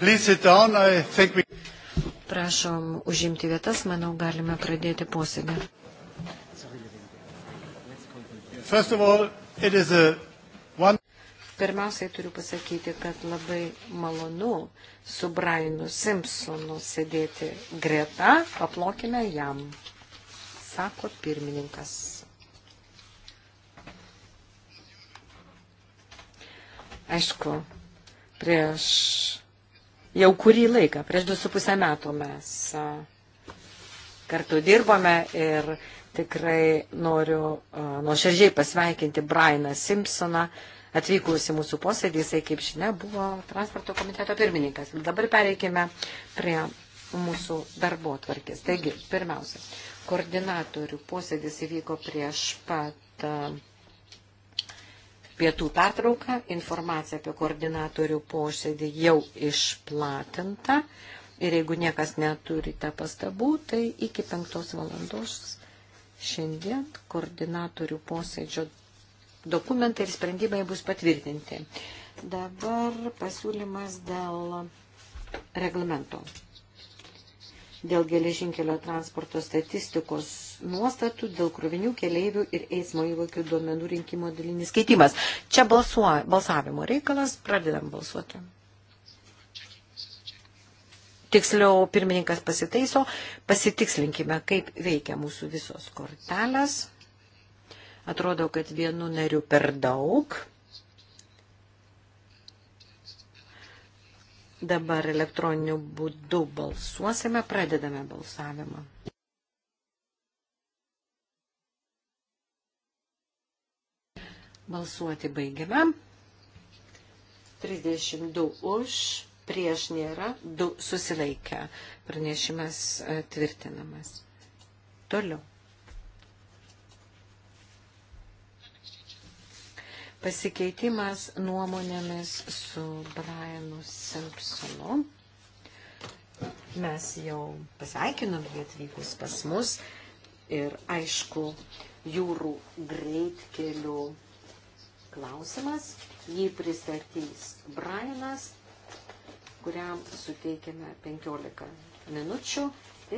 We... Prašom užimti vietas, manau, galime pradėti posėdį. All, one... Pirmiausiai turiu pasakyti, kad labai malonu su Brianu Simpsonu sėdėti greta, paplokime jam, sako pirmininkas. aišku, prieš Jau kurį laiką, prieš du su pusę metų mes kartu dirbome ir tikrai noriu nuoširdžiai pasveikinti Brianą Simpsoną, atvykusi mūsų posėdį, jisai kaip žinia buvo transporto komiteto pirmininkas. Dabar pereikime prie mūsų darbo tvarkės. Taigi, pirmiausia, koordinatorių posėdis įvyko prieš pat pietų pertrauką. Informacija apie koordinatorių posėdį jau išplatinta. Ir jeigu niekas neturite pastabų, tai iki penktos valandos šiandien koordinatorių posėdžio dokumentai ir sprendimai bus patvirtinti. Dabar pasiūlymas dėl reglamento dėl geležinkelio transporto statistikos nuostatų, dėl krovinių keleivių ir eismo įvokių duomenų rinkimo dalinis keitimas. Čia balsuo, balsavimo reikalas, pradedam balsuoti. Tiksliau, pirmininkas pasitaiso, pasitikslinkime, kaip veikia mūsų visos kortelės. Atrodo, kad vienu nariu per daug. Dabar elektroniniu būdu balsuosime, pradedame balsavimą. Balsuoti baigiame. 32 už, prieš nėra, 2 susilaikę. Pranešimas e, tvirtinamas. Toliau. pasikeitimas nuomonėmis su Brianu Simpsonu. Mes jau pasveikinom jį atvykus pas mus ir aišku jūrų greitkelių klausimas. Jį pristatys Brianas, kuriam suteikėme 15 minučių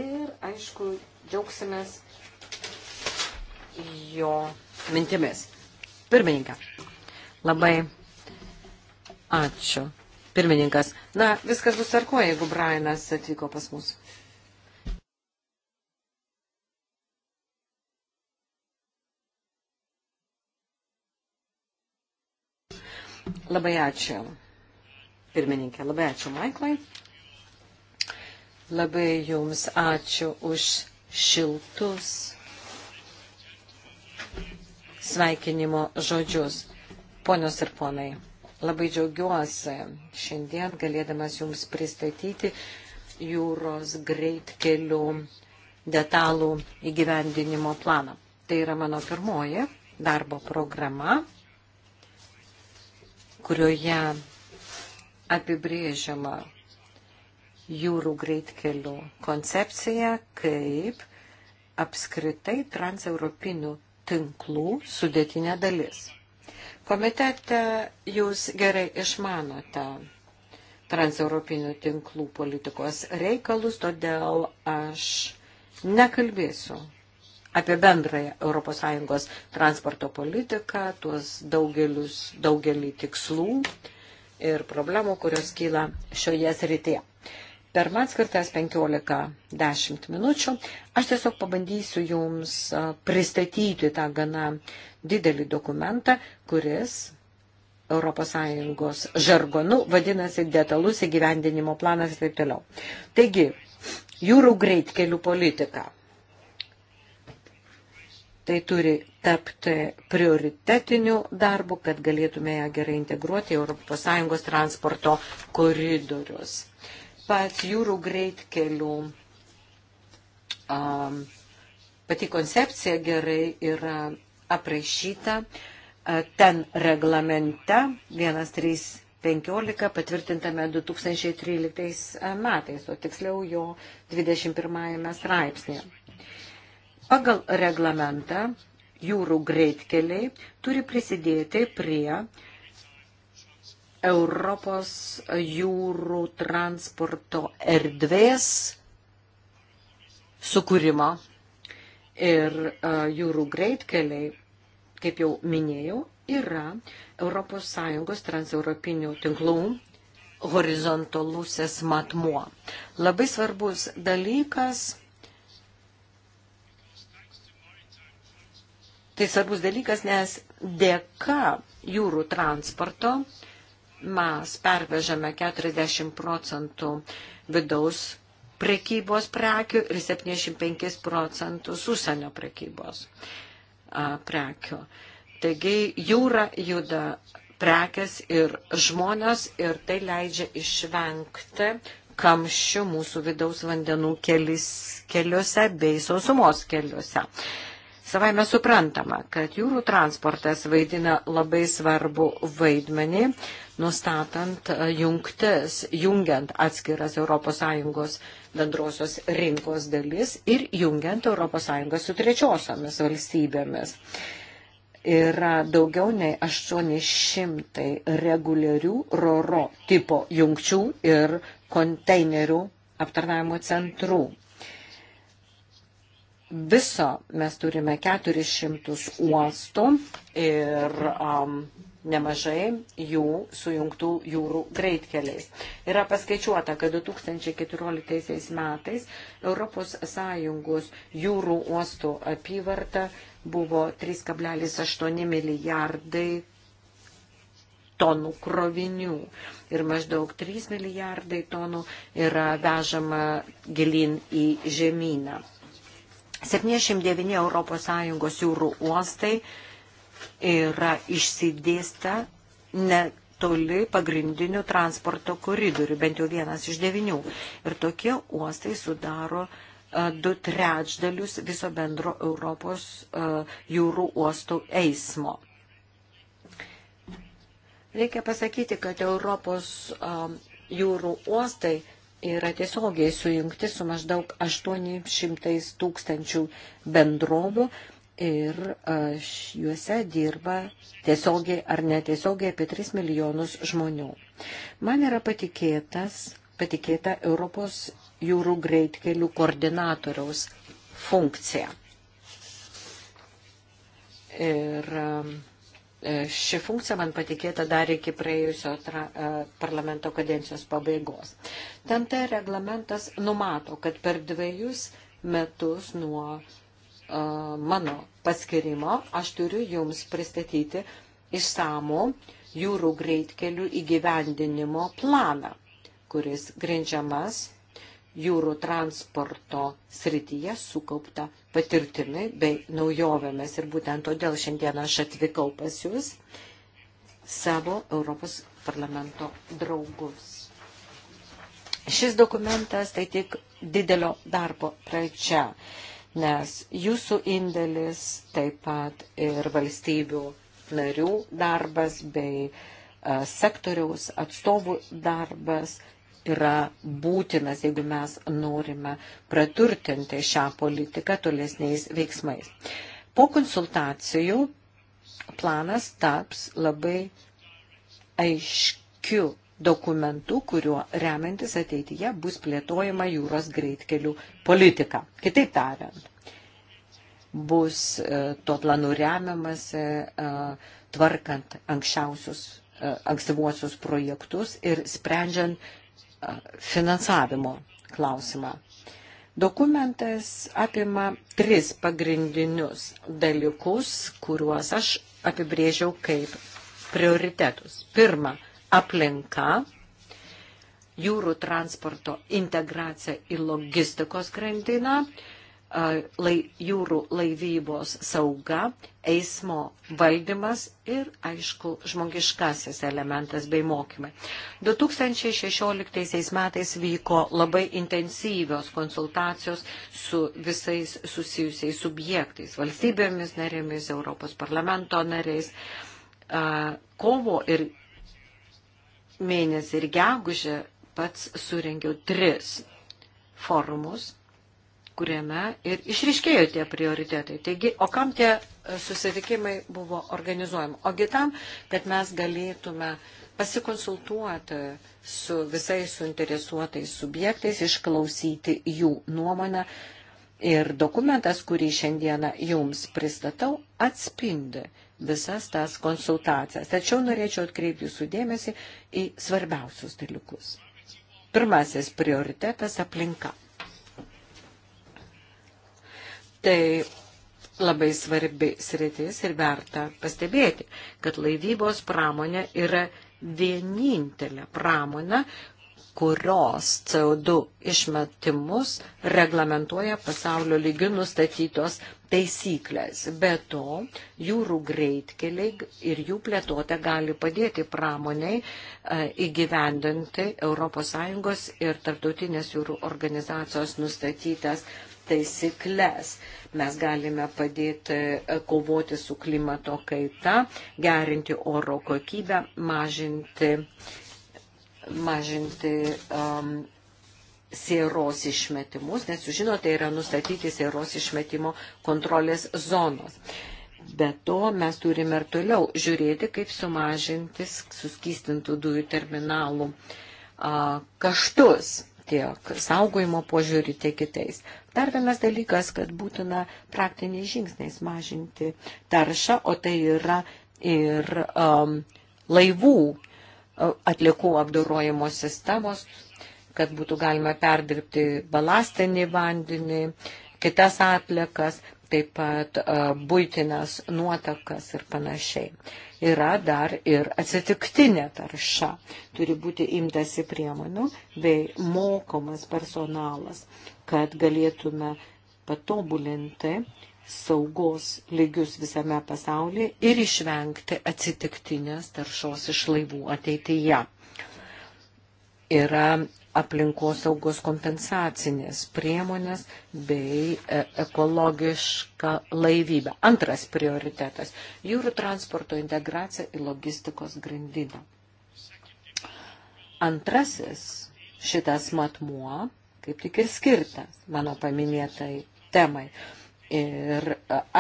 ir aišku džiaugsimės jo mintimis. Pirmininką. Labai ačiū. Pirmininkas. Na, viskas bus tarko, jeigu Brianas atvyko pas mus. Labai ačiū. Pirmininkė, labai ačiū Maiklai. Labai jums ačiū už šiltus sveikinimo žodžius. Ponios ir ponai, labai džiaugiuosi šiandien galėdamas Jums pristatyti jūros greitkelių detalų įgyvendinimo planą. Tai yra mano pirmoji darbo programa, kurioje apibrėžiama jūrų greitkelių koncepcija kaip apskritai transeuropinių tinklų sudėtinė dalis. Komitete jūs gerai išmanote transeuropinių tinklų politikos reikalus, todėl aš nekalbėsiu apie bendrąją ES transporto politiką, tuos daugelius, daugelį tikslų ir problemų, kurios kyla šioje srityje. Per man skirtas 15-10 minučių. Aš tiesiog pabandysiu Jums pristatyti tą gana didelį dokumentą, kuris ES žargonu vadinasi detalus įgyvendinimo planas ir taip toliau. Taigi, jūrų greitkelių politika. Tai turi tapti prioritetiniu darbu, kad galėtume ją gerai integruoti į ES transporto koridorius. Uh, pat jūrų greitkelių um, pati koncepcija gerai yra aprašyta. Ten reglamente 1315 patvirtintame 2013 metais, o tiksliau jo 21 straipsnėje. Pagal reglamentą jūrų greitkeliai turi prisidėti prie Europos jūrų transporto erdvės sukūrimo ir e, jūrų greitkeliai, kaip jau minėjau, yra ES transeuropinių tinklų horizontalusis matmuo. Labai svarbus dalykas, tai svarbus dalykas, nes dėka jūrų transporto uh, mes pervežame 40 procentų vidaus prekybos prekių ir 75 procentus užsienio prekybos prekių. Taigi jūra juda prekes ir žmonės ir tai leidžia išvengti kamščių mūsų vidaus vandenų kelis, keliuose bei sausumos keliuose. Savai mes suprantama, kad jūrų transportas vaidina labai svarbu vaidmenį, nustatant e, jungtis, jungiant atskiras ES bendrosios rinkos dalis ir jungiant ES su trečiosiomis valstybėmis yra daugiau nei 800 reguliarių RORO tipo jungčių ir konteinerių aptarnavimo centrų. Viso mes turime 400 uostų ir um, nemažai jų sujungtų jūrų greitkeliais. Yra paskaičiuota, kad 2014 metais ES jūrų uostų apyvarta buvo 3,8 milijardai tonų krovinių ir maždaug 3 milijardai tonų yra vežama gilin į žemyną. 79 ES jūrų uostai yra išsidėsta netoli pagrindinių transporto koridorių, bent jau vienas iš devinių. Ir tokie uostai sudaro e, du trečdalius viso bendro Europos e, jūrų uostų eismo. Reikia pasakyti, kad Europos e, jūrų uostai yra tiesiogiai sujungti su maždaug 800 tūkstančių bendrovių ir juose dirba tiesiogiai ar netiesiogiai apie 3 milijonus žmonių. Man yra patikėtas, patikėta Europos jūrų greitkelių koordinatoriaus funkcija. Ir E, ši funkcija man patikėta dar iki praėjusio tra, e, parlamento kadencijos pabaigos. TNT reglamentas numato, kad per dviejus metus nuo uh, mano paskirimo aš turiu jums pristatyti išsamų jūrų greitkelių įgyvendinimo planą, kuris grindžiamas jūrų transporto srityje sukaupta patirtimi bei naujovėmis. Ir būtent todėl šiandien aš atvykau pas Jūs savo Europos parlamento draugus. Šis dokumentas tai tik didelio darbo pradžia, nes Jūsų indėlis taip pat ir valstybių narių darbas bei e, sektoriaus atstovų darbas yra būtinas, jeigu mes norime praturtinti šią politiką tolesniais veiksmais. Po konsultacijų planas taps labai aiškiu dokumentu, kuriuo remiantis ateityje bus plėtojama jūros greitkelių politika. Kitaip tariant, bus e, tuo planu remiamasi e, tvarkant anksčiausius e, ankstyvuosius projektus ir sprendžiant finansavimo klausimą. Dokumentas apima tris pagrindinius dalykus, kuriuos aš apibrėžiau kaip prioritetus. Pirma, aplinka, jūrų transporto integracija į logistikos grandiną, lai, jūrų laivybos sauga, eismo valdymas ir, aišku, žmogiškasis elementas bei mokymai. 2016 metais vyko labai intensyvios konsultacijos su visais susijusiais subjektais, valstybėmis narėmis, Europos parlamento nariais. Kovo ir mėnesį ir gegužę pats surengiau tris forumus kuriame ir išriškėjo tie prioritetai. Taigi, o kam tie susitikimai buvo organizuojami? Ogi tam, kad mes galėtume pasikonsultuoti su visais suinteresuotais subjektais, išklausyti jų nuomonę. Ir dokumentas, kurį šiandieną jums pristatau, atspindi visas tas konsultacijas. Tačiau norėčiau atkreipti jūsų dėmesį į svarbiausius dalykus. Pirmasis prioritetas - aplinka. Tai labai svarbi sritis ir verta pastebėti, kad laivybos pramonė yra vienintelė pramonė, kurios CO2 išmetimus reglamentuoja pasaulio lygių nustatytos taisyklės. Be to, jūrų greitkeliai ir jų plėtotė gali padėti pramoniai e, įgyvendinti ES ir tarptautinės jūrų organizacijos nustatytas taisyklės. Mes galime padėti e, kovoti su klimato kaita, gerinti oro kokybę, mažinti, mažinti um, sieros išmetimus, nes jūs žinote, yra nustatyti sieros išmetimo kontrolės zonos. Be to mes turime ir toliau žiūrėti, kaip sumažinti suskystintų dujų terminalų a, kaštus tiek saugojimo požiūrį, tiek kitais. Dar vienas dalykas, kad būtina praktiniais žingsniais mažinti taršą, o tai yra ir um, laivų atliekų apdorojimo sistemos, kad būtų galima perdirbti balastinį vandenį, kitas atliekas, taip pat būtinas nuotakas ir panašiai. Yra dar ir atsitiktinė tarša. Turi būti imtasi priemonių bei mokomas personalas, kad galėtume patobulinti saugos lygius visame pasaulyje ir išvengti atsitiktinės taršos iš laivų ateityje. Yra aplinkosaugos kompensacinės priemonės bei e, ekologišką laivybę. Antras prioritetas - jūrų transporto integracija į logistikos grandinę. Antrasis šitas matmuo kaip tik ir skirtas mano paminėtai temai. Ir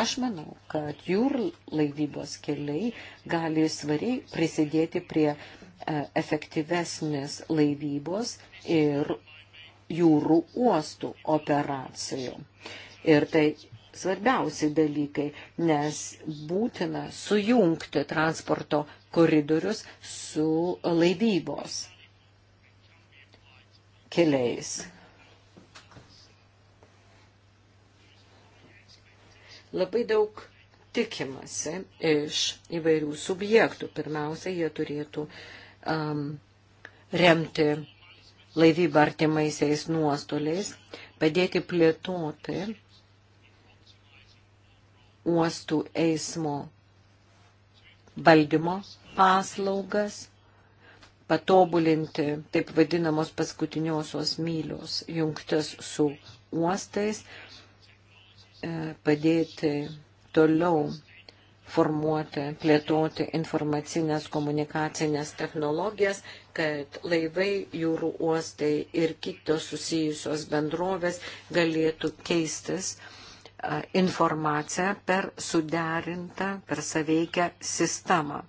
aš manau, kad jūrų laivybos keliai gali svariai prisidėti prie e, efektyvesnės laivybos ir jūrų uostų operacijų. Ir tai svarbiausi dalykai, nes būtina sujungti transporto koridorius su laivybos keliais. Labai daug tikimasi iš įvairių subjektų. Pirmiausia, jie turėtų um, remti laivybą artimaisiais nuostoliais, padėti plėtoti uostų eismo valdymo paslaugas, patobulinti taip vadinamos paskutiniosios mylios jungtis su uostais, E, padėti toliau formuoti, plėtoti informacinės komunikacinės technologijas, kad laivai, jūrų uostai ir kitos susijusios bendrovės galėtų keistis e, informaciją per suderintą, per saveikę sistemą.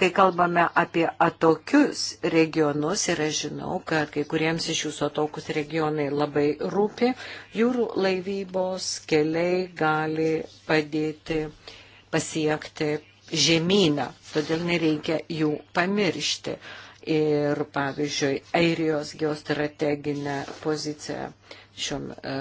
Kai kalbame apie atokius regionus ir aš žinau, kad kai kuriems iš jūsų atokus regionai labai rūpi, jūrų laivybos keliai gali padėti pasiekti žemyną, todėl nereikia jų pamiršti. Ir pavyzdžiui, Airijos geostrateginė pozicija šiom, e,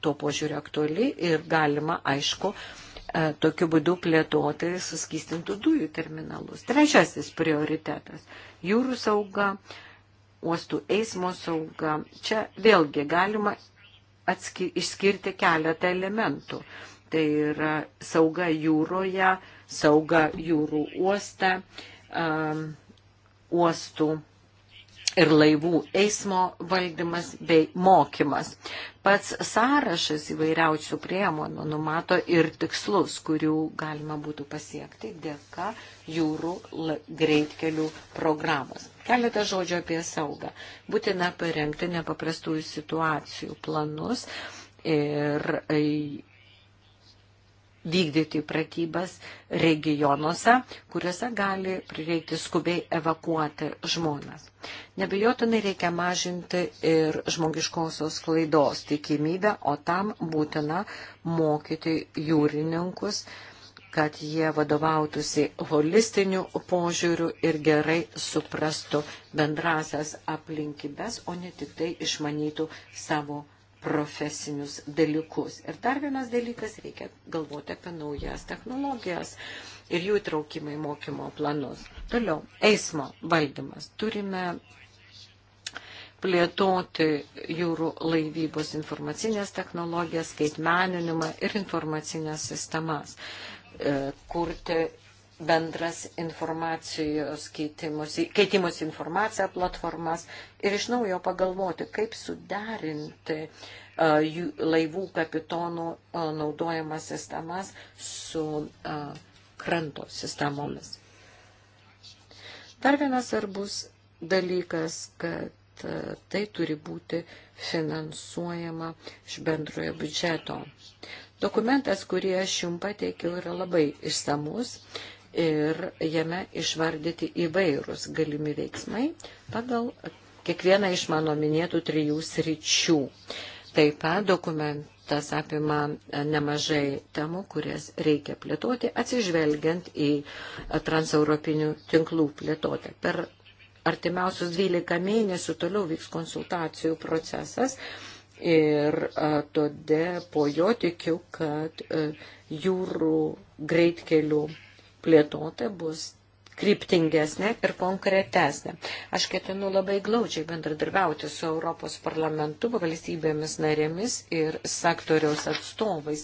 tuo požiūriu aktuali ir galima, aišku, e, E, tokiu būdu plėtoti suskistintų dujų terminalus. Trečiasis prioritetas - jūrų sauga, uostų eismo sauga. Čia vėlgi galima atski, išskirti keletą elementų. Tai yra sauga jūroje, sauga jūrų uoste, um, uostų ir laivų eismo valdymas bei mokymas. Pats sąrašas įvairiausių priemonų numato ir tikslus, kurių galima būtų pasiekti dėka jūrų greitkelių programos. Keletą žodžių apie saugą. Būtina paremti nepaprastųjų situacijų planus ir vykdyti pratybas regionuose, kuriuose gali prireikti skubiai evakuoti žmonės. Nebejotinai reikia mažinti ir žmogiškosios klaidos tikimybę, o tam būtina mokyti jūrininkus kad jie vadovautųsi holistiniu požiūriu ir gerai suprastų bendrasias aplinkybės, o ne tik tai išmanytų savo profesinius dalykus. Ir dar vienas dalykas, reikia galvoti apie naujas technologijas ir jų įtraukimą į mokymo planus. Toliau, eismo valdymas. Turime plėtoti jūrų laivybos informacinės technologijas, skaitmeninimą ir informacinės sistemas, e, kurti bendras informacijos keitimus informaciją platformas ir iš naujo pagalvoti, kaip suderinti uh, laivų kapitonų uh, naudojamas sistemas su uh, kranto sistemomis. Dar vienas svarbus dalykas, kad tai turi būti finansuojama iš bendrojo biudžeto. Dokumentas, kurį aš jums pateikiau, yra labai išsamus ir jame išvardyti įvairūs galimi veiksmai pagal kiekvieną iš mano minėtų trijų sričių. Taip pat dokumentas apima nemažai temų, kurias reikia plėtoti, atsižvelgiant į transeuropinių tinklų plėtotę. Per artimiausius 12 mėnesių toliau vyks konsultacijų procesas ir todėl po jo tikiu, kad jūrų greitkelių plėtota bus kryptingesnė ir konkretesnė. Aš ketinu labai glaudžiai bendradarbiauti su Europos parlamentu, valstybėmis narėmis ir sektoriaus atstovais,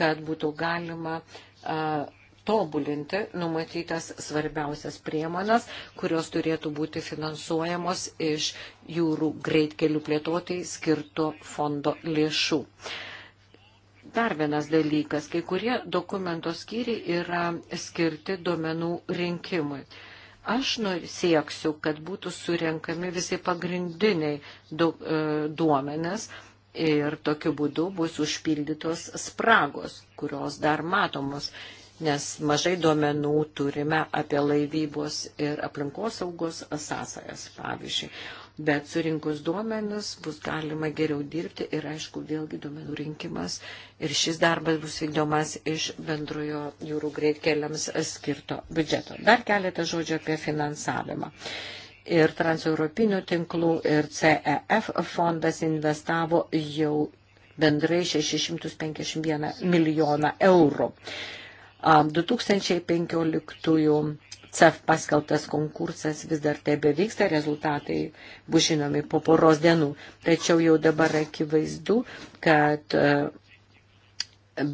kad būtų galima uh, tobulinti numatytas svarbiausias priemonas, kurios turėtų būti finansuojamos iš jūrų greitkelių plėtotai skirto fondo lėšų. Uh, Dar vienas dalykas, kai kurie dokumento skyriai yra skirti duomenų rinkimui. Aš sieksiu, kad būtų surenkami visi pagrindiniai e, duomenės ir tokiu būdu bus užpildytos spragos, kurios dar matomos, nes mažai duomenų turime apie laivybos ir aplinkosaugos sąsajas, pavyzdžiui bet surinkus duomenis bus galima geriau dirbti ir, aišku, vėlgi duomenų rinkimas ir šis darbas bus vykdomas iš bendrojo jūrų greitkeliams skirto biudžeto. Dar keletą žodžių apie finansavimą. Ir transeuropinių tinklų ir CEF fondas investavo jau bendrai 651 milijoną eurų. 2015 CEF paskelbtas konkursas vis dar tebe vyksta, rezultatai bus žinomi po poros dienų. Tačiau jau dabar akivaizdu, kad e,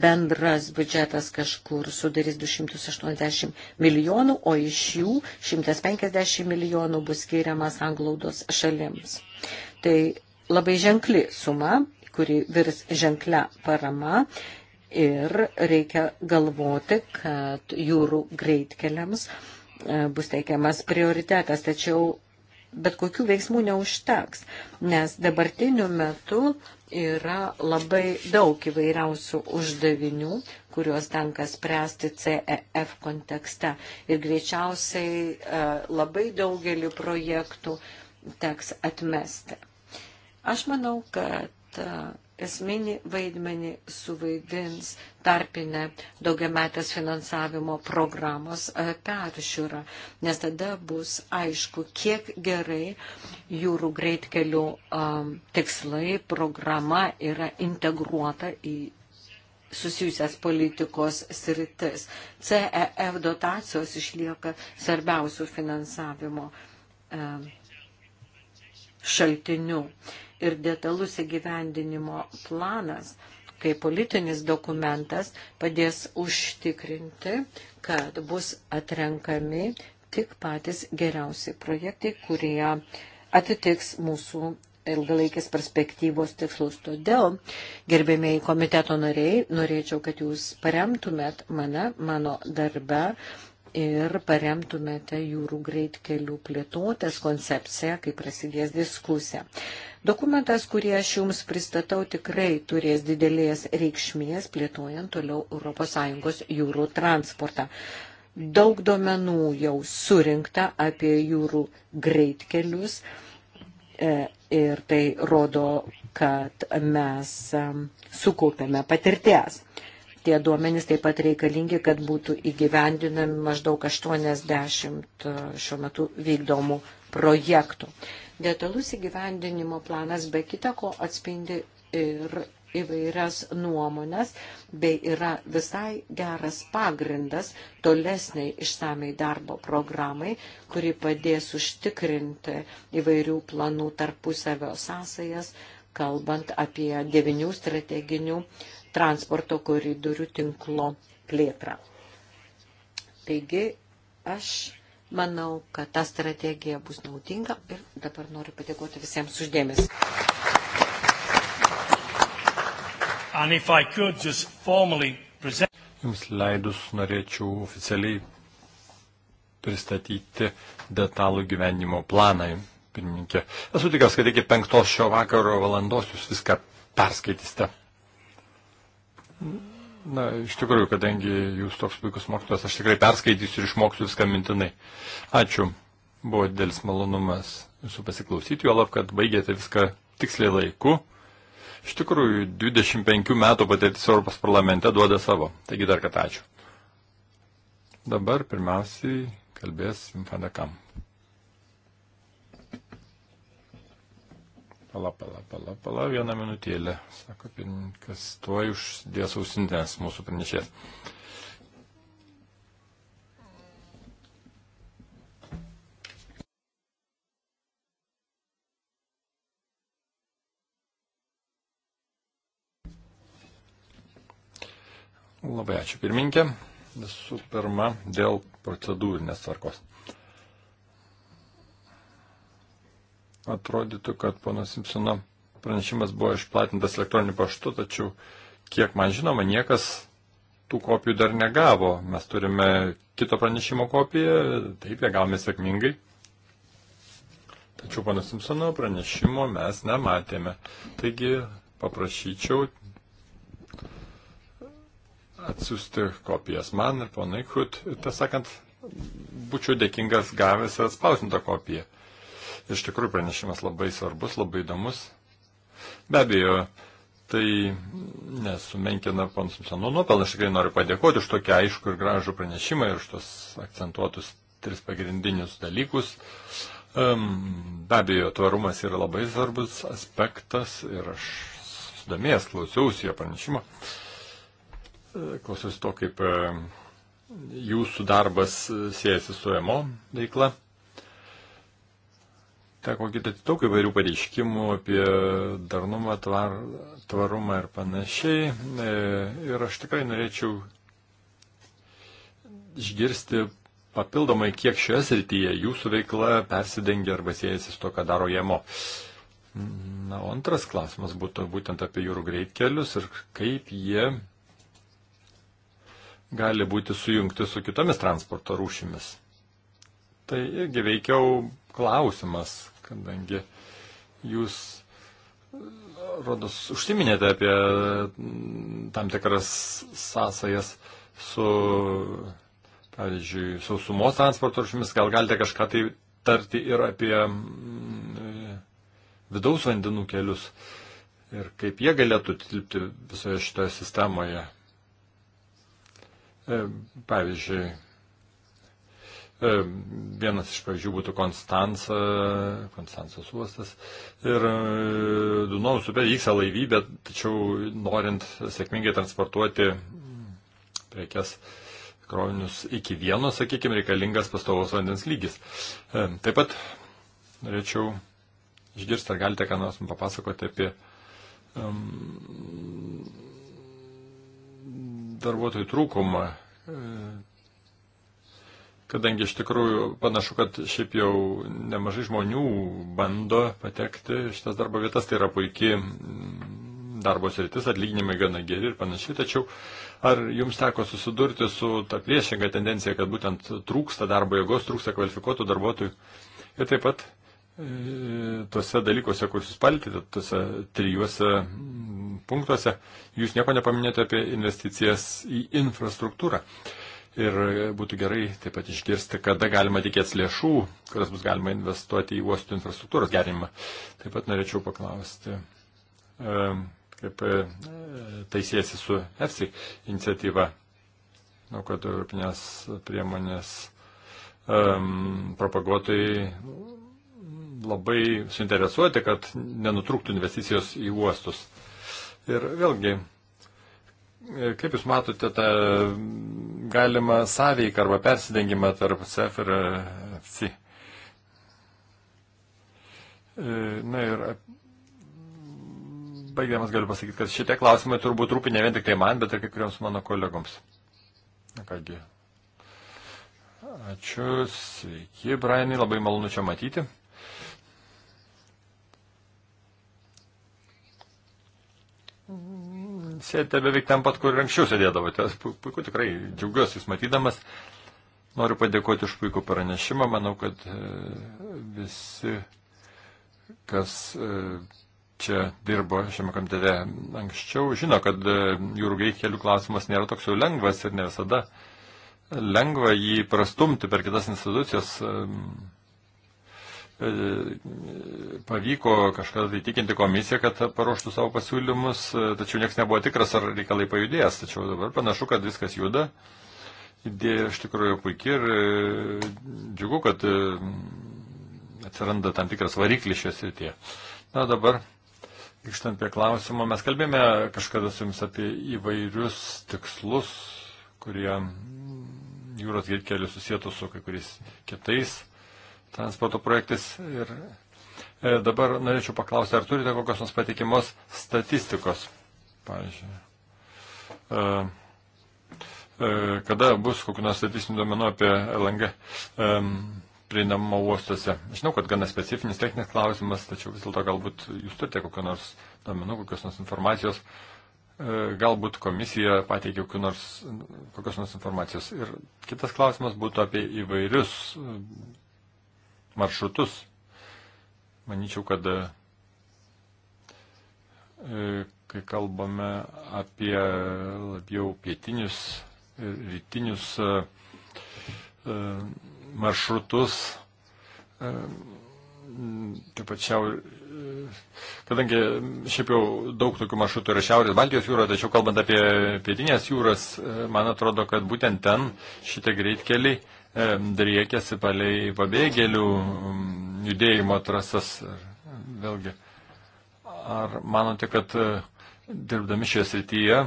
bendras biudžetas kažkur sudarys 280 milijonų, o iš jų 150 milijonų bus skiriamas anglaudos šalims. Tai labai ženkli suma, kuri virs ženklia parama ir reikia galvoti, kad jūrų greitkeliams uh, E, bus teikiamas prioritetas, tačiau bet kokių veiksmų neužteks, nes dabartiniu metu yra labai daug įvairiausių uždavinių, kuriuos tenka spręsti CEF kontekste. Ir greičiausiai e, labai daugelį projektų teks atmesti. Aš manau, kad e, esminį vaidmenį suvaidins tarpinę daugiametės finansavimo programos e, peržiūrą, nes tada bus aišku, kiek gerai jūrų greitkelių um, tikslai, programa yra integruota į susijusias politikos sritis. CEF dotacijos išlieka svarbiausių finansavimo um, šaltinių. Uh, ir detalus įgyvendinimo planas kaip politinis dokumentas padės užtikrinti, kad bus atrenkami tik patys geriausi projektai, kurie atitiks mūsų ilgalaikės perspektyvos tikslus. Todėl, gerbėmiai komiteto nariai, norėčiau, kad jūs paremtumėt mane, mano darbe, ir paremtumėte jūrų greitkelių plėtotės koncepciją, kai prasidės diskusija. Dokumentas, kurį aš Jums pristatau, tikrai turės didelės reikšmės plėtojant toliau ES jūrų transportą. Daug duomenų jau surinkta apie jūrų greitkelius e, ir tai rodo, kad mes e, sukaupėme patirties. Tie duomenys taip pat reikalingi, kad būtų įgyvendinami maždaug 80 e, šiuo metu vykdomų projektų. Detalus įgyvendinimo planas be kitako atspindi ir įvairias nuomonės, bei yra visai geras pagrindas tolesniai išsamei darbo programai, kuri padės užtikrinti įvairių planų tarpusavio sąsajas, kalbant apie devinių strateginių transporto koridorių tinklo plėtrą. Taigi, aš manau, kad ta strategija bus naudinga ir dabar noriu padėkoti visiems uždėmesi. Present... Jums leidus norėčiau oficialiai pristatyti detalų gyvenimo planą, pirmininkė. Esu tikras, kad iki penktos šio vakaro valandos jūs viską perskaitysite. Na, iš tikrųjų, kadangi jūs toks puikus mokytojas, aš tikrai perskaitysiu ir išmoksiu viską mintinai. Ačiū. Buvo didelis malonumas jūsų pasiklausyti, jo lab, kad baigėte viską tiksliai laiku. Iš tikrųjų, 25 metų patirtis Europos parlamente duoda savo. Taigi dar kartą ačiū. Dabar pirmiausiai kalbės Infana Kamp. Pala, pala, pala, pala, vieną minutėlę, sako pirmininkas, tuo uždės ausinės mūsų pranešės. Labai ačiū pirmininkė. Visų pirma, dėl procedūrinės tvarkos. atrodytų, kad pono Simpsono pranešimas buvo išplatintas elektroniniu paštu, tačiau, kiek man žinoma, niekas tų kopijų dar negavo. Mes turime kito pranešimo kopiją, taip, ją gavome sėkmingai. Tačiau pono Simpsono pranešimo mes nematėme. Taigi paprašyčiau atsiųsti kopijas man ir ponai Kut. Tiesą sakant, būčiau dėkingas gavęs ir atspausintą kopiją. Iš tikrųjų pranešimas labai svarbus, labai įdomus. Be abejo, tai nesumenkina Ponsumsono nuopelną. Aš tikrai noriu padėkoti už tokį aišku ir gražų pranešimą ir už tos akcentuotus tris pagrindinius dalykus. Um, be abejo, tvarumas yra labai svarbus aspektas ir aš sudomėjęs klausiausi jo pranešimo. E, klausiausi to, kaip e, jūsų darbas e, siejasi su EMO veikla teko girdėti daug įvairių pareiškimų apie darnumą, tvar, tvarumą ir panašiai. E, ir aš tikrai norėčiau išgirsti papildomai, kiek šioje srityje jūsų veikla persidengia arba siejasi su to, ką daro jėmo. Na, o antras klausimas būtų būtent apie jūrų greitkelius ir kaip jie gali būti sujungti su kitomis transporto rūšimis. Tai irgi veikiau klausimas, kadangi jūs, rodos, užsiminėte apie tam tikras sąsajas su, pavyzdžiui, sausumos transporto rušimis, gal galite kažką tai tarti ir apie mm, vidaus vandenų kelius ir kaip jie galėtų tilpti visoje šitoje sistemoje. E, pavyzdžiui, E, vienas iš pavyzdžių būtų Konstanca, Konstancos uostas ir e, Dunaus upė vyksta laivybė, tačiau norint sėkmingai transportuoti prekes krovinius iki vieno, sakykime, reikalingas pastovos vandens lygis. E, taip pat norėčiau išgirsti, ar galite ką nors papasakoti apie um, darbuotojų trūkumą. E, kadangi iš tikrųjų panašu, kad šiaip jau nemažai žmonių bando patekti šitas darbo vietas, tai yra puikiai mm, darbo sritis, atlyginimai gana geri ir panašiai, tačiau ar jums teko susidurti su ta priešinga tendencija, kad būtent trūksta darbo jėgos, trūksta kvalifikuotų darbuotojų ir taip pat e, tuose dalykuose, kur jūs paltėte, tuose trijuose mm, punktuose, jūs nieko nepaminėjote apie investicijas į infrastruktūrą. Uh, Ir būtų gerai taip pat išgirsti, kada galima tikėtis lėšų, kurias bus galima investuoti į uostų infrastruktūros gerinimą. Taip pat norėčiau paklausti, e, kaip e, taisėsi su EFSI iniciatyva, nu, kad Europinės priemonės um, propaguotojai labai suinteresuoti, kad nenutrūktų investicijos į uostus. Ir vėlgi, Kaip Jūs matote tą galimą sąveiką arba persidengimą tarp CEF ir FSI? E, na ir e, baigdamas galiu pasakyti, kad šitie klausimai turbūt rūpi ne vien tik tai man, bet ir kai kuriems mano kolegoms. Na kągi. Ačiū, sveiki, Brianai, labai malonu čia matyti. sėdite beveik ten pat, kur ir anksčiau sėdėdavote. Puiku, tikrai džiaugiuosi Jūs matydamas. Noriu padėkoti už puikų pranešimą. Manau, kad e, visi, kas e, čia dirbo šiame komitete anksčiau, žino, kad e, jūrų greitkelių klausimas nėra toks jau lengvas ir ne visada lengva jį prastumti per kitas institucijas. E, E, pavyko kažkada tai įtikinti komisiją, kad paruoštų savo pasiūlymus, e, tačiau niekas nebuvo tikras, ar reikalai pajudės. Tačiau dabar panašu, kad viskas juda. Idėja iš tikrųjų puikia ir e, džiugu, kad atsiranda tam tikras variklis šios rytie. Na dabar, grįžtant prie klausimo, mes kalbėjome kažkada su jums apie įvairius tikslus, kurie jūros greitkeliu susijęto su kai kuriais kitais transporto projektais. Ir e, dabar norėčiau paklausti, ar turite kokios nors patikimos statistikos, pavyzdžiui, e, e, kada bus kokių nors statistinių duomenų apie LNG e, prieinamą uostuose. Žinau, kad gana specifinis techninis klausimas, tačiau vis dėlto galbūt jūs turite kokių nors duomenų, kokios nors informacijos e, galbūt komisija pateikė nors, kokios nors informacijos. Ir kitas klausimas būtų apie įvairius maršrutus. Manyčiau, kad e, kai kalbame apie labiau pietinius ir rytinius e, e, maršrutus, taip pat šiaurės, kadangi šiaip jau daug tokių maršrutų yra šiaurės Baltijos jūroje, tačiau kalbant apie pietinės jūras, man atrodo, kad būtent ten šitie greitkeliai driekiasi palei pabėgėlių judėjimo trasas. Vėlgi, ar manote, kad e, dirbdami šioje srityje,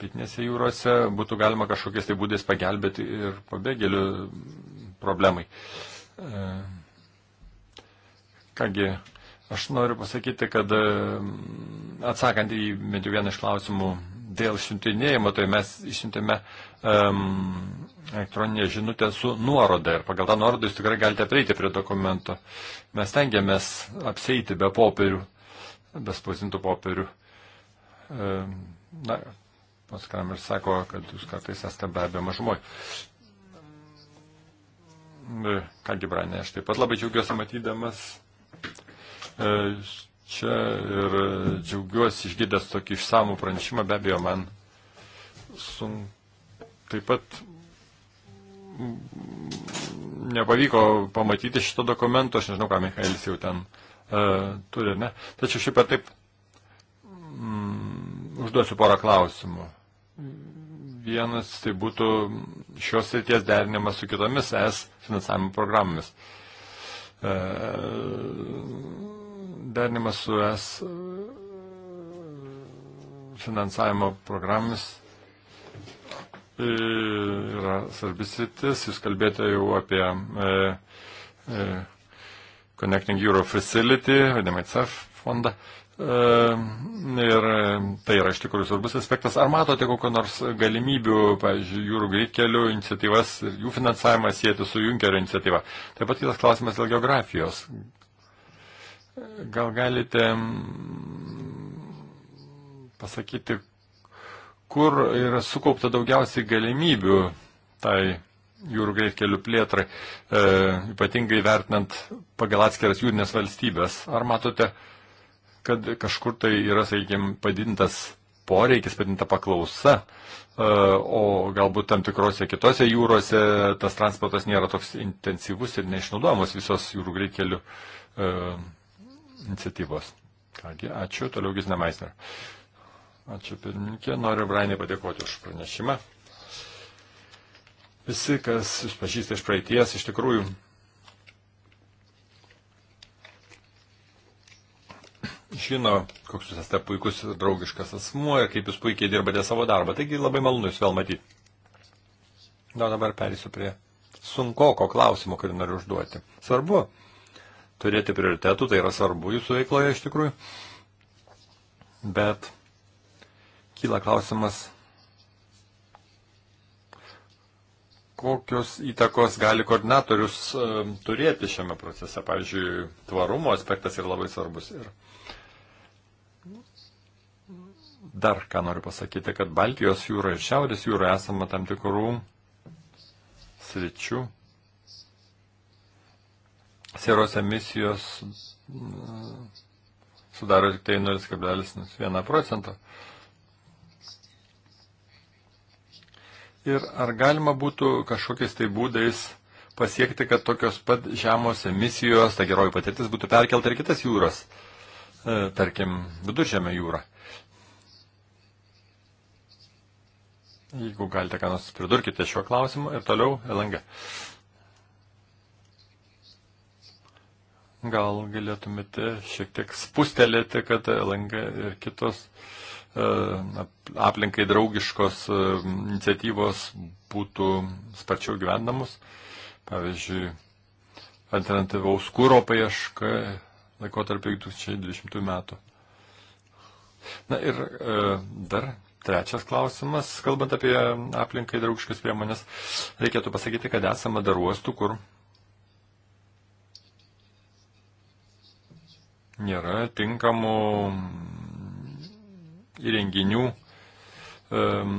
pietinėse jūrose, būtų galima kažkokiais tai būdais pagelbėti ir pabėgėlių problemai? Kągi, aš noriu pasakyti, kad atsakant į bent jau vieną iš klausimų dėl išsiuntinėjimo, tai mes išsiuntėme um, elektroninę žinutę su nuoroda ir pagal tą nuorodą jūs tikrai galite prieiti prie dokumento. Mes tengiamės apseiti be popierių, be spausintų popierių. Um, na, pats Kramer sako, kad jūs kartais esate be abejo mažumoj. Kągi, Branė, aš taip pat labai džiaugiuosi matydamas. Uh, čia ir e, džiaugiuosi išgydęs tokį išsamų pranešimą, be abejo, man sun... taip pat nepavyko pamatyti šito dokumento, aš nežinau, ką Michaelis jau ten uh, turi, ne? Tačiau šiaip ar taip mm, užduosiu porą klausimų. Vienas tai būtų šios srities derinimas su kitomis es finansavimo programomis. Uh, Dernimas su es finansavimo programomis e, yra svarbis rytis. Jūs kalbėjote jau apie e, e, Connecting Euro Facility, vadinamai CEF fondą. E, ir tai yra iš tikrųjų svarbus aspektas. Ar matote kokią nors galimybių, pavyzdžiui, jūrų greitkelių iniciatyvas ir jų finansavimą sieti su Junkerio iniciatyva? Taip pat kitas klausimas dėl geografijos. Gal galite mm, pasakyti, kur yra sukaupta daugiausiai galimybių tai jūrų greitkelių plėtrai, e, ypatingai vertinant pagal atskiras jūrinės valstybės. Ar matote, kad kažkur tai yra, sakykime, padidintas poreikis, padidinta paklausa, e, o galbūt tam tikrose kitose jūrose tas transportas nėra toks intensyvus ir neišnaudojamas visos jūrų greitkelių e, iniciatyvos. Kągi, ačiū, toliau Gisne Maisner. Ačiū pirmininkė, noriu Brainai padėkoti už pranešimą. Visi, kas jūs pažįsta iš praeities, iš tikrųjų žino, koks jūs esate puikus ir draugiškas asmuo ir kaip jūs puikiai dirbate savo darbą. Taigi labai malonu jūs vėl matyti. Na, dabar perėsiu prie sunkoko klausimo, kurį noriu užduoti. Svarbu, turėti prioritetų, tai yra svarbu jūsų veikloje iš tikrųjų. Bet kyla klausimas, kokios įtakos gali koordinatorius e, turėti šiame procese. Pavyzdžiui, tvarumo aspektas yra labai svarbus. Ir dar ką noriu pasakyti, kad Baltijos jūroje ir Šiaurės jūroje esama tam tikrų sričių, sieros emisijos mm, sudaro tik tai 0,1 procento. Ir ar galima būtų kažkokiais tai būdais pasiekti, kad tokios pat žemos emisijos, ta geroji patirtis būtų perkelta ir kitas jūras, e, tarkim, viduržėmė jūra. Jeigu galite, ką nors pridurkite šiuo klausimu ir toliau LNG. Gal galėtumėte šiek tiek spustelėti, kad LNG ir kitos e, aplinkai draugiškos e, iniciatyvos būtų sparčiau gyvendamos. Pavyzdžiui, alternatyvaus kūro paieška laikotarpį 2020 metų. Na ir e, dar trečias klausimas, kalbant apie aplinkai draugiškas priemonės, reikėtų pasakyti, kad esame dar uostų, kur nėra tinkamų įrenginių um,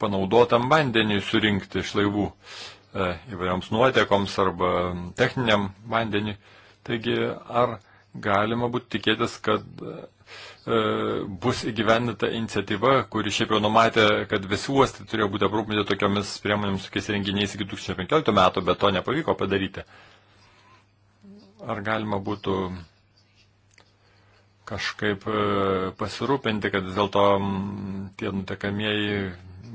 panaudotam vandeniui surinkti iš laivų e, įvairioms nuotekoms arba techniniam vandeniui. Taigi, ar galima būtų tikėtis, kad e, bus įgyvendinta iniciatyva, kuri šiaip jau numatė, kad visi uostai turėjo būti aprūpinti tokiamis priemonėmis, tokiais renginiais iki 2015 metų, bet to nepavyko padaryti. Ar galima būtų kažkaip e, pasirūpinti, kad vis dėlto tie nutekamieji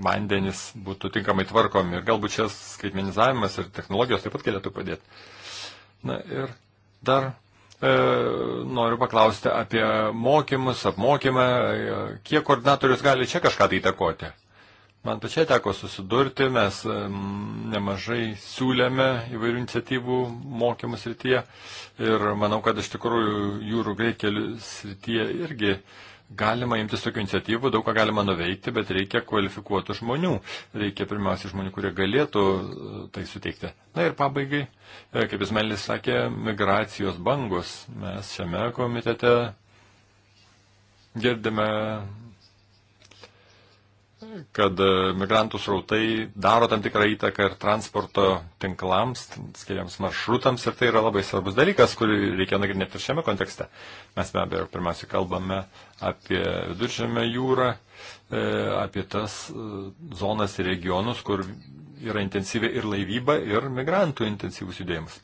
vandenys būtų tinkamai tvarkomi. Ir galbūt čia skaitmenizavimas ir technologijos taip pat galėtų padėti. Na ir dar e, noriu paklausti apie mokymus, apmokymą, kiek koordinatorius gali čia kažką tai įtakoti. Man pačiai teko susidurti, mes nemažai siūlėme įvairių iniciatyvų mokymų srityje ir manau, kad iš tikrųjų jūrų greitkelių srityje irgi galima imtis tokių iniciatyvų, daug ką galima nuveikti, bet reikia kvalifikuotų žmonių. Reikia pirmiausia žmonių, kurie galėtų e, tai suteikti. Na ir pabaigai, e, kaip jis melis sakė, migracijos bangos. Mes šiame komitete girdime kad e, migrantų srautai daro tam tikrą įtaką ir transporto tinklams, skiriams maršrutams ir tai yra labai svarbus dalykas, kurį reikia nagrinėti ir šiame kontekste. Mes be abejo pirmiausia kalbame apie viduržėmę jūrą, e, apie tas e, zonas ir regionus, kur yra intensyvi ir laivyba, ir migrantų intensyvus judėjimas.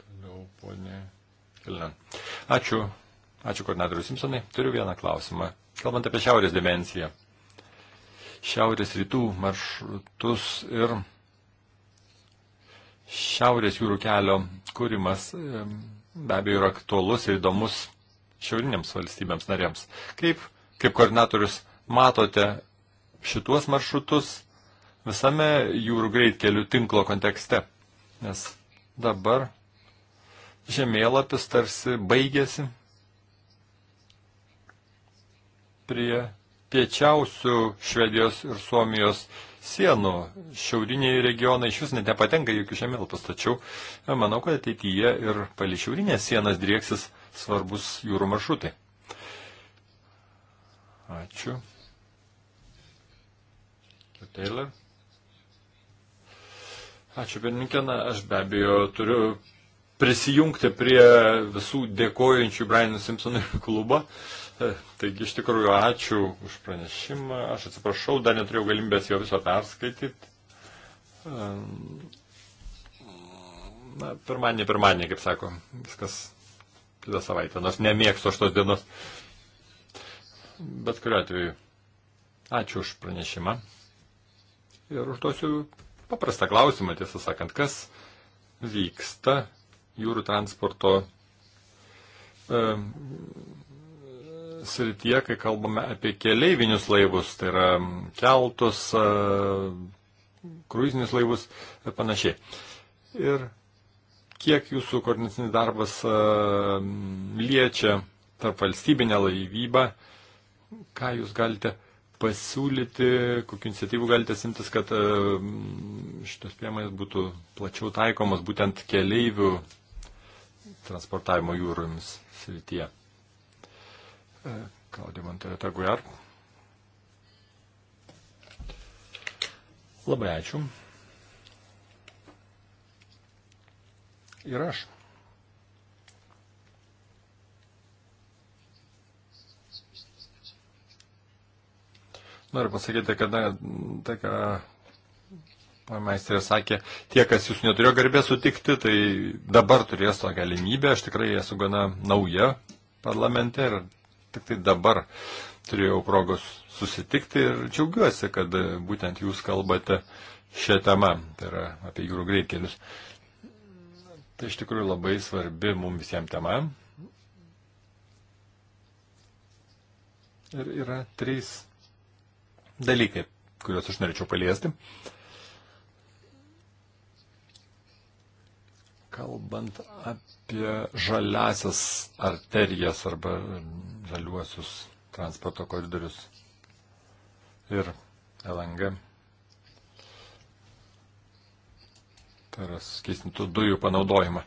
Toliau, ponė Kilnan. Ačiū. Ačiū koordinatorius Simpsonai. Turiu vieną klausimą. Kalbant apie šiaurės dimenciją šiaurės rytų maršrutus ir šiaurės jūrų kelio kūrimas be abejo yra aktuolus ir įdomus šiauriniams valstybėms narėms. Kaip, kaip koordinatorius matote šituos maršrutus visame jūrų greitkelių tinklo kontekste? Nes dabar žemėlapis tarsi baigėsi prie piečiausių Švedijos ir Suomijos sienų. Šiauriniai regionai iš vis net nepatenka jokių žemėlapus, tačiau e, manau, kad ateityje ir palį šiaurinės sienas drieksis svarbus jūrų maršrutai. Ačiū. Taylor. Ačiū, pirmininkė. Aš be abejo turiu prisijungti prie visų dėkojančių Brianų Simpsonui klubą. Uh, Taigi iš tikrųjų ačiū už pranešimą. Aš atsiprašau, dar neturėjau galimybės jo viso perskaityti. Na, pirmadienį, pirmadienį, kaip sako, viskas kitą savaitę, nors nemėgstu aš tos dienos. Bet kuriuo atveju, ačiū už pranešimą. Ir užduosiu paprastą klausimą, tiesą sakant, kas vyksta jūrų transporto. Um, srityje, kai kalbame apie keleivinius laivus, tai yra keltus, kruizinius laivus ir panašiai. Ir kiek jūsų koordinacinis darbas liečia tarp valstybinę laivybą, ką jūs galite pasiūlyti, kokiu iniciatyvu galite simtis, kad šitos priemonės būtų plačiau taikomas būtent keleivių transportavimo jūromis srityje. Klaudija Montoreta Gujar. Labai ačiū. Ir aš. Noriu pasakyti, kad tai, ką Pameistrė sakė, tie, kas jūs neturėjo garbė sutikti, tai dabar turės tą galimybę. Aš tikrai esu gana nauja parlamente ir tik tai dabar turėjau progos susitikti ir džiaugiuosi, kad būtent jūs kalbate šią temą, tai yra apie jūrų greitkelius. Tai iš tikrųjų labai svarbi mums visiems tema. Ir yra trys dalykai, kuriuos aš norėčiau paliesti. Uh, kalbant apie žaliasias arterijas arba žaliuosius transporto koridorius ir LNG. Tai yra skistintų dujų panaudojimą.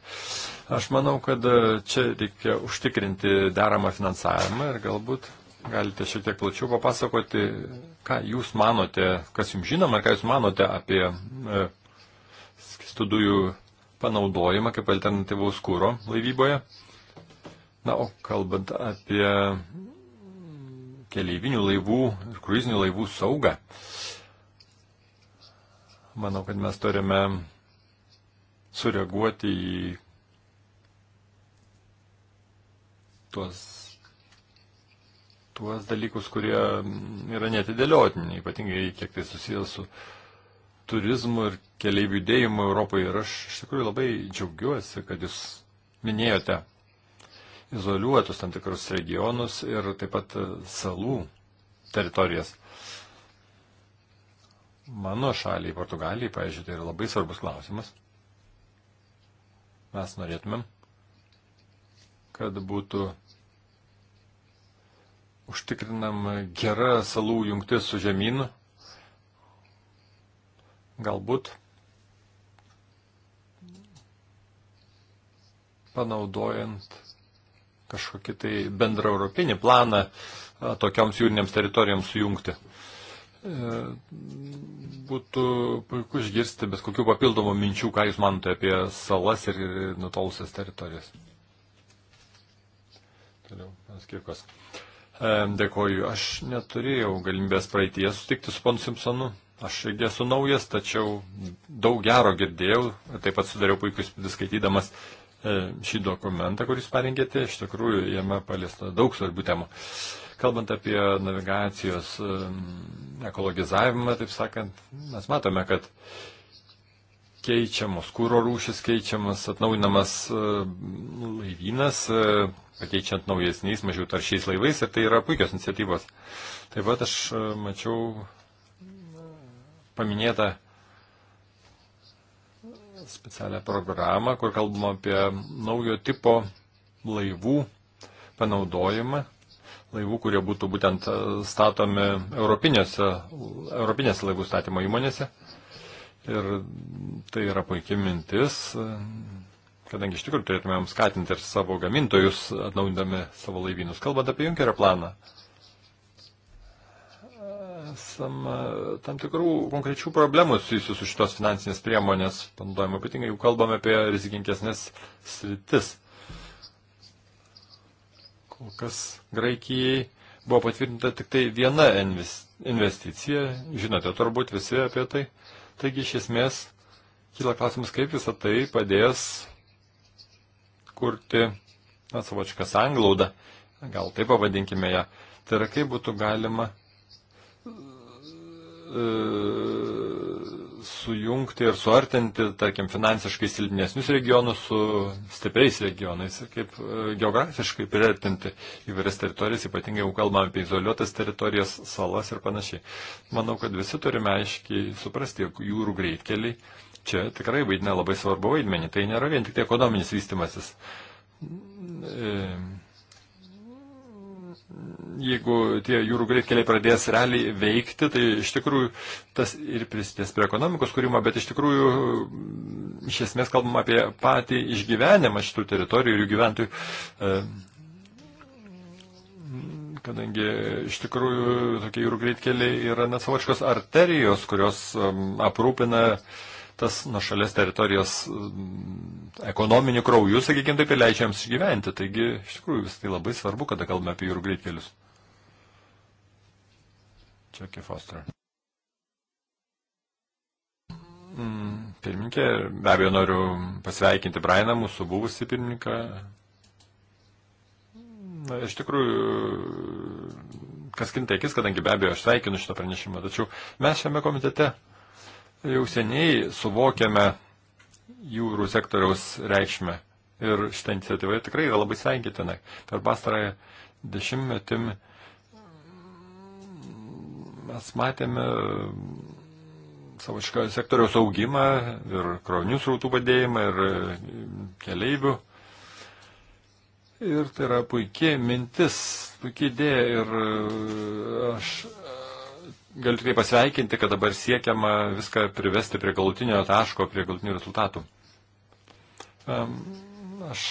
Aš manau, kad čia reikia užtikrinti deramą finansavimą ir galbūt galite šiek tiek plačiau papasakoti, ką jūs manote, kas jums žinoma ir ką jūs manote apie e, skistų dujų panaudojimą kaip alternatyvaus kūro laivyboje. Na, o kalbant apie keleivinių laivų ir kruizinių laivų saugą, manau, kad mes turime sureaguoti į tuos, tuos dalykus, kurie yra netidėliotini, ypatingai kiek tai susijęs su uh, turizmu ir keliaivių judėjimu Europoje. Ir aš iš tikrųjų labai džiaugiuosi, kad jūs minėjote izoliuotus tam tikrus regionus ir taip pat salų teritorijas. Mano šaliai, Portugalijai, pažiūrėjau, tai yra labai svarbus klausimas. Mes norėtumėm, kad būtų užtikrinam gerą salų jungtis su žemynu galbūt panaudojant kažkokį tai bendrą europinį planą tokioms jūrinėms teritorijoms sujungti. E, būtų puiku išgirsti bet kokių papildomų minčių, ką Jūs manote apie salas ir nutolusias teritorijas. Toliau, skirkos. E, dėkoju. Aš neturėjau galimybės praeitie sutikti su ponu Simpsonu. Aš irgi esu naujas, tačiau daug gero girdėjau, taip pat sudariau puikius diskaitydamas e, šį dokumentą, kuris parengėte, iš tikrųjų jame paliesta daug svarbių temų. Kalbant apie navigacijos e, ekologizavimą, taip sakant, mes matome, kad keičiamos kūro rūšis, keičiamas atnaujinamas e, laivynas, pakeičiant naujesniais, mažiau taršiais laivais ir tai yra puikios iniciatyvos. Taip pat aš mačiau paminėtą specialią programą, kur kalbama apie naujo tipo laivų panaudojimą, laivų, kurie būtų būtent e, statomi europinės laivų statymo įmonėse. Ir tai yra puikia mintis, e, kadangi iš tikrųjų turėtumėm skatinti ir savo gamintojus, atnaujindami savo laivynus. Kalbant apie Junkerio planą, esama e, tam tikrų konkrečių problemų susijusių su šitos finansinės priemonės panaudojimu, ypatingai jau kalbame apie rizikinkesnės sritis. Kol kas Graikijai buvo patvirtinta tik tai viena investicija, žinote turbūt visi apie tai. Taigi iš esmės kyla klausimas, kaip visą tai padės kurti na, savočką sanglaudą, gal taip pavadinkime ją. Tai yra, kaip būtų galima E, sujungti ir suartinti, tarkim, finansiškai silpnesnius regionus su stipriais regionais ir kaip e, geografiškai priartinti įvairias teritorijas, ypatingai jau kalbame apie izoliuotas teritorijas, salas ir panašiai. Manau, kad visi turime aiškiai suprasti, jog jūrų greitkeliai čia tikrai vaidina labai svarbu vaidmenį. Tai nėra vien tik tai ekonominis vystimasis. E, jeigu tie jūrų greitkeliai pradės realiai veikti, tai iš tikrųjų tas ir prisidės prie ekonomikos kūrimo, bet iš tikrųjų mm, iš esmės kalbam apie patį išgyvenimą šitų teritorijų ir jų gyventojų. E, kadangi iš tikrųjų tokie jūrų greitkeliai yra net savočkos arterijos, kurios mm, aprūpina uh, tas nuošalės teritorijos mm, ekonominių kraujų, sakykime, taip ir leidžia jiems išgyventi. Taigi, iš tikrųjų, vis tai labai svarbu, kada kalbame apie jūrų greitkelius. Jackie Foster. Mm, pirmininkė, be abejo noriu pasveikinti Brainą, mūsų buvusį pirmininką. Na, iš tikrųjų, kas kintaikis, kadangi be abejo aš sveikinu šitą pranešimą, tačiau mes šiame komitete jau seniai suvokiame jūrų sektoriaus reikšmę. Ir šitą iniciatyvą tikrai yra labai sveikintina. Per pastarąją dešimtmetį mes matėme savočką sektoriaus augimą ir krovinių srautų padėjimą ir keleivių. Ir tai yra puikiai mintis, puikiai idėja ir aš galiu tikrai pasveikinti, kad dabar siekiama viską privesti prie galutinio taško, prie galutinių rezultatų. Aš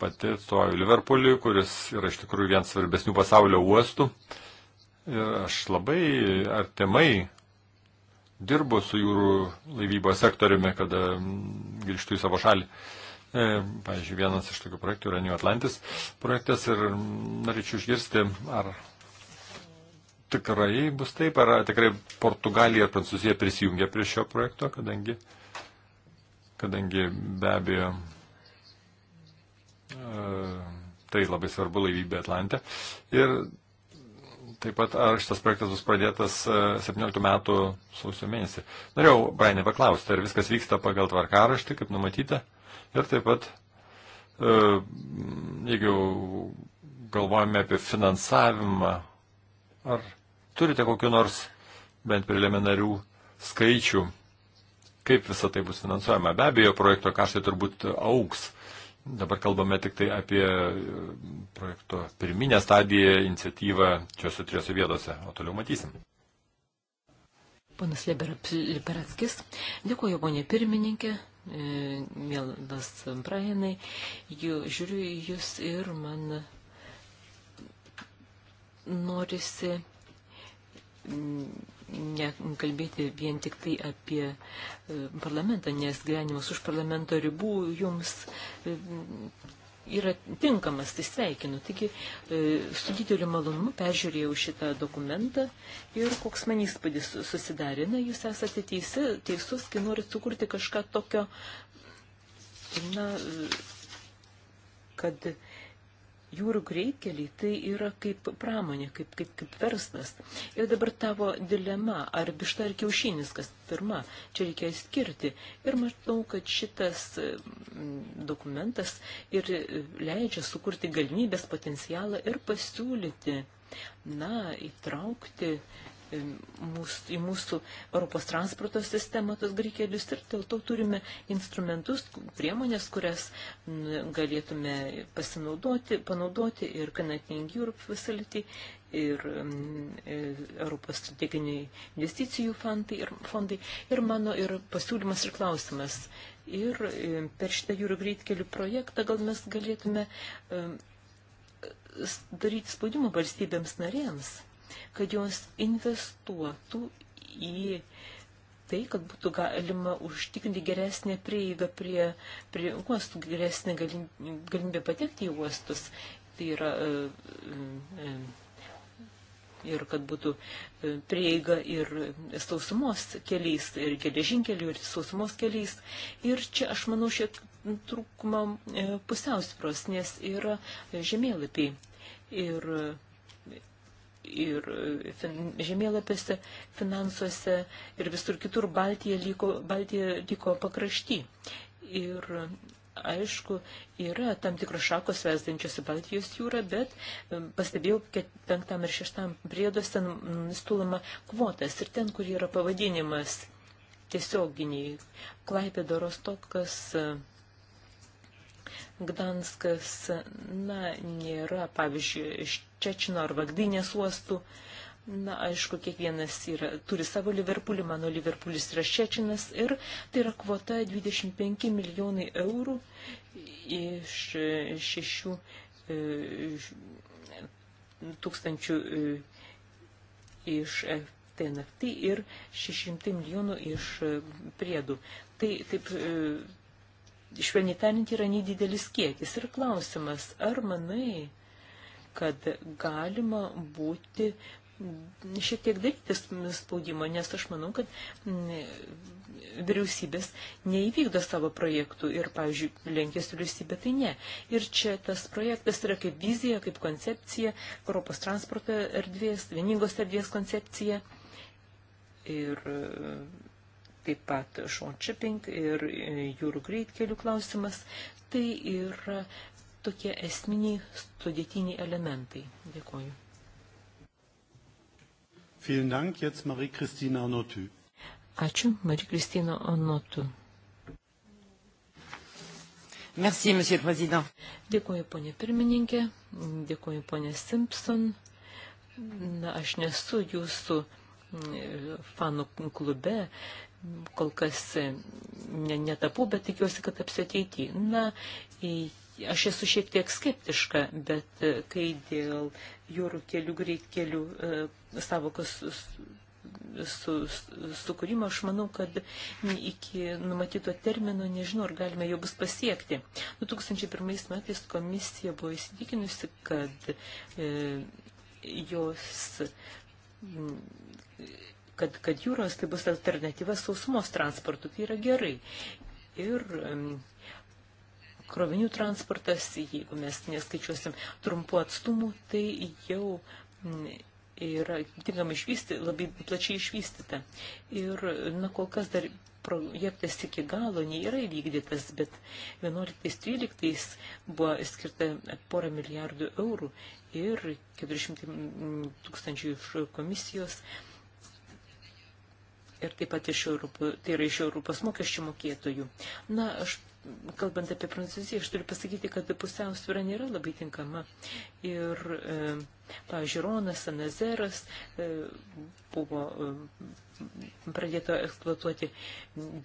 pati atstovauju Liverpooliui, kuris yra iš tikrųjų vienas svarbesnių pasaulio uostų. Ir aš labai artimai dirbu su jūrų laivybos sektoriumi, kada grįžtu į savo šalį. E, pavyzdžiui, vienas iš tokių projektų yra New Atlantis projektas ir norėčiau išgirsti, ar tikrai bus taip, ar tikrai Portugalija ir Prancūzija prisijungia prie šio projekto, kadangi, kadangi be abejo e, tai labai svarbu laivybė Atlantė. Ir taip pat ar šitas projektas bus pradėtas 17 e, metų sausio mėnesį. Norėjau, Brainė, paklausti, ar viskas vyksta pagal tvarkaraštį, kaip numatyta. Ir taip pat, e, jeigu galvojame apie finansavimą, ar turite kokiu nors bent preliminarių skaičių, kaip visa tai bus finansuojama. Be abejo, projekto kaštai turbūt auks. Dabar kalbame tik tai apie e, projekto pirminę stadiją, iniciatyvą čia su trijose vietose, o toliau matysim. Panas Liberatskis, dėkuoju, ponė pirmininkė, e, mielas Brianai, žiūriu į jūs ir man norisi nekalbėti vien tik tai apie e, parlamentą, nes gyvenimas už parlamento ribų jums e, yra tinkamas, tai sveikinu. Taigi e, su dideliu malonumu peržiūrėjau šitą dokumentą ir koks man įspūdis susidarė. Na, jūs esate teisi, teisus, kai norit sukurti kažką tokio, na, kad jūrų greitkelį tai yra kaip pramonė, kaip, kaip, kaip verslas. Ir dabar tavo dilema, ar višta ar kiaušinis, kas pirma, čia reikia skirti. Ir matau, kad šitas mm, dokumentas ir leidžia sukurti galimybės potencialą ir pasiūlyti, na, įtraukti mūsų, į mūsų Europos transporto sistemą tos greikelius ir dėl to turime instrumentus, priemonės, kurias galėtume pasinaudoti, panaudoti ir Connecting Europe Facility ir e, Europos strateginiai investicijų fondai ir, fondai. ir mano ir pasiūlymas ir klausimas. Ir e, per šitą jūrų greitkelių projektą gal mes galėtume e, daryti spaudimą valstybėms narėms kad jos investuotų į tai, kad būtų galima užtikrinti geresnę prieigą prie, prie uostų, geresnę galimybę patekti į uostus. Tai yra e, e, ir kad būtų e, prieiga ir sausumos keliais, ir geležinkelių, ir sausumos keliais. Ir čia aš manau šiek trūkumą pusiausvros, nes yra žemėlapiai. Ir ir e, fin, žemėlapėse, finansuose ir visur kitur Baltija liko, Baltija liko pakrašty. Ir aišku, yra tam tikros šakos vesdančios į Baltijos jūrą, bet e, pastebėjau, kad penktam ir šeštam prieduose stulama kvotas ir ten, kur yra pavadinimas tiesioginiai. Klaipė Dorostokas. Uh, e, Gdanskas, na, nėra, pavyzdžiui, iš Čečino ar Vagdynės uostų. Na, aišku, kiekvienas yra, turi savo Liverpoolį, mano Liverpoolis yra Šečinas ir tai yra kvota 25 milijonai eurų iš šešių e, tūkstančių e, iš TNFT ir 600 milijonų iš e, priedų. Tai taip švelniai tariant, yra nedidelis kiekis. Ir klausimas, ar manai, kad galima būti šiek tiek daryti spaudimo, nes aš manau, kad mm, vyriausybės neįvykdo savo projektų ir, pavyzdžiui, Lenkijos vyriausybė tai ne. Ir čia tas projektas yra kaip vizija, kaip koncepcija, Europos transporto erdvės, vieningos erdvės koncepcija. Ir taip pat short shipping ir e, jūrų greitkelių klausimas. Tai yra tokie esminiai sudėtiniai elementai. Dėkuoju. Vielen Dank, jetzt Marie-Christina Onotu. Ačiū, Marie-Christina Onotu. Merci, monsieur le président. Dėkuoju, ponė pirmininkė, dėkuoju, ponė Simpson. Na, aš nesu jūsų fanų klube, kol kas e, netapu, bet tikiuosi, kad taps ateityje. Na, aš esu šiek tiek skeptiška, bet e, kai dėl jūrų kelių greitkelių e, savokas sukūrimo, su, su aš manau, kad iki numatyto termino nežinau, ar galime jo bus pasiekti. 2001 metais komisija buvo įsitikinusi, kad e, jos m, kad, kad jūros tai bus alternatyva sausumos transportu, tai yra gerai. Ir krovinių transportas, jeigu mes neskaičiuosim trumpų atstumų, tai jau yra tinkamai išvysti, labai plačiai išvystyta. Ir, na, kol kas dar projektas iki galo nėra įvykdytas, bet 11-13 buvo skirta porą milijardų eurų ir 400 tūkstančių iš komisijos ir taip pat iš Europos, tai yra iš Europos mokesčių mokėtojų. Na, aš kalbant apie Prancūziją, aš turiu pasakyti, kad pusiausvyra nėra labai tinkama. Ir, e, pavyzdžiui, Ronas, Anazeras e, buvo e, pradėto eksploatuoti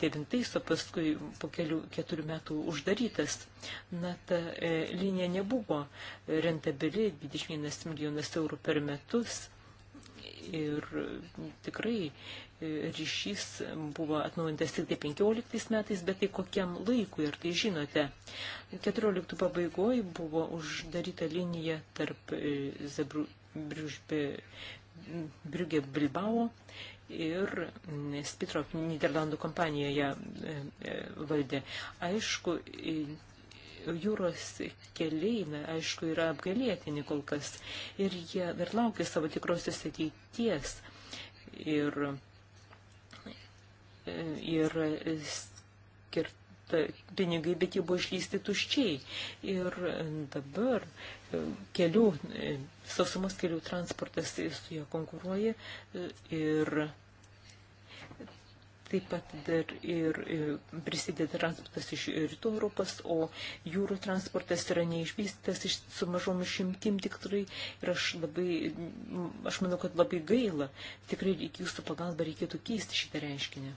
devintais, o paskui po kelių keturių metų uždarytas. Na, ta e, linija nebuvo rentabili, 21 milijonas eurų per metus. Ir tikrai ryšys buvo atnaujintas tik tai 15 metais, bet tai kokiam laikui ir tai žinote. 14 pabaigoje buvo uždaryta linija tarp e, Briugė Bilbao ir mm, Spitrop Niderlandų kompanijoje e, e, valdė. Aišku, jūros keliai, na, aišku, yra apgalėtini kol kas ir jie dar laukia savo tikrosios ateities. Ir ir skirta pinigai, bet jie buvo išlysti tuščiai. Ir dabar e, kelių, e, sausumos kelių transportas su jo konkuruoja e, ir taip pat dar ir prisideda transportas iš rytų Europos, o jūrų transportas yra neišvystytas iš, su mažom išimtim tikrai. Ir aš labai, aš manau, kad labai gaila. Tikrai jūsų pagalba reikėtų keisti šitą reiškinį.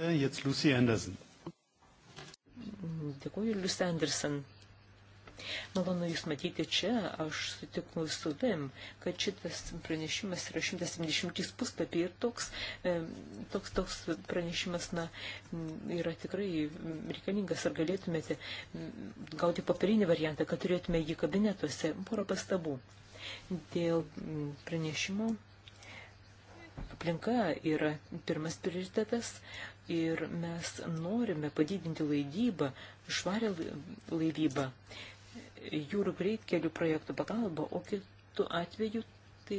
Äh, jetzt Lucy Anderson. Dėkuoju, Lucy Anderson. Malonu Jūs matyti čia, aš sutikau su Vim, kad šitas pranešimas yra 170 puslapį ir toks, toks, toks pranešimas na, yra tikrai reikalingas, ar galėtumėte gauti papirinį variantą, kad turėtume jį kabinetuose. Porą pastabų dėl pranešimo aplinka yra pirmas prioritetas, ir mes norime padidinti laivybą, švarę laivybą, jūrų greitkelių projektų pagalba, o kitų atveju tai,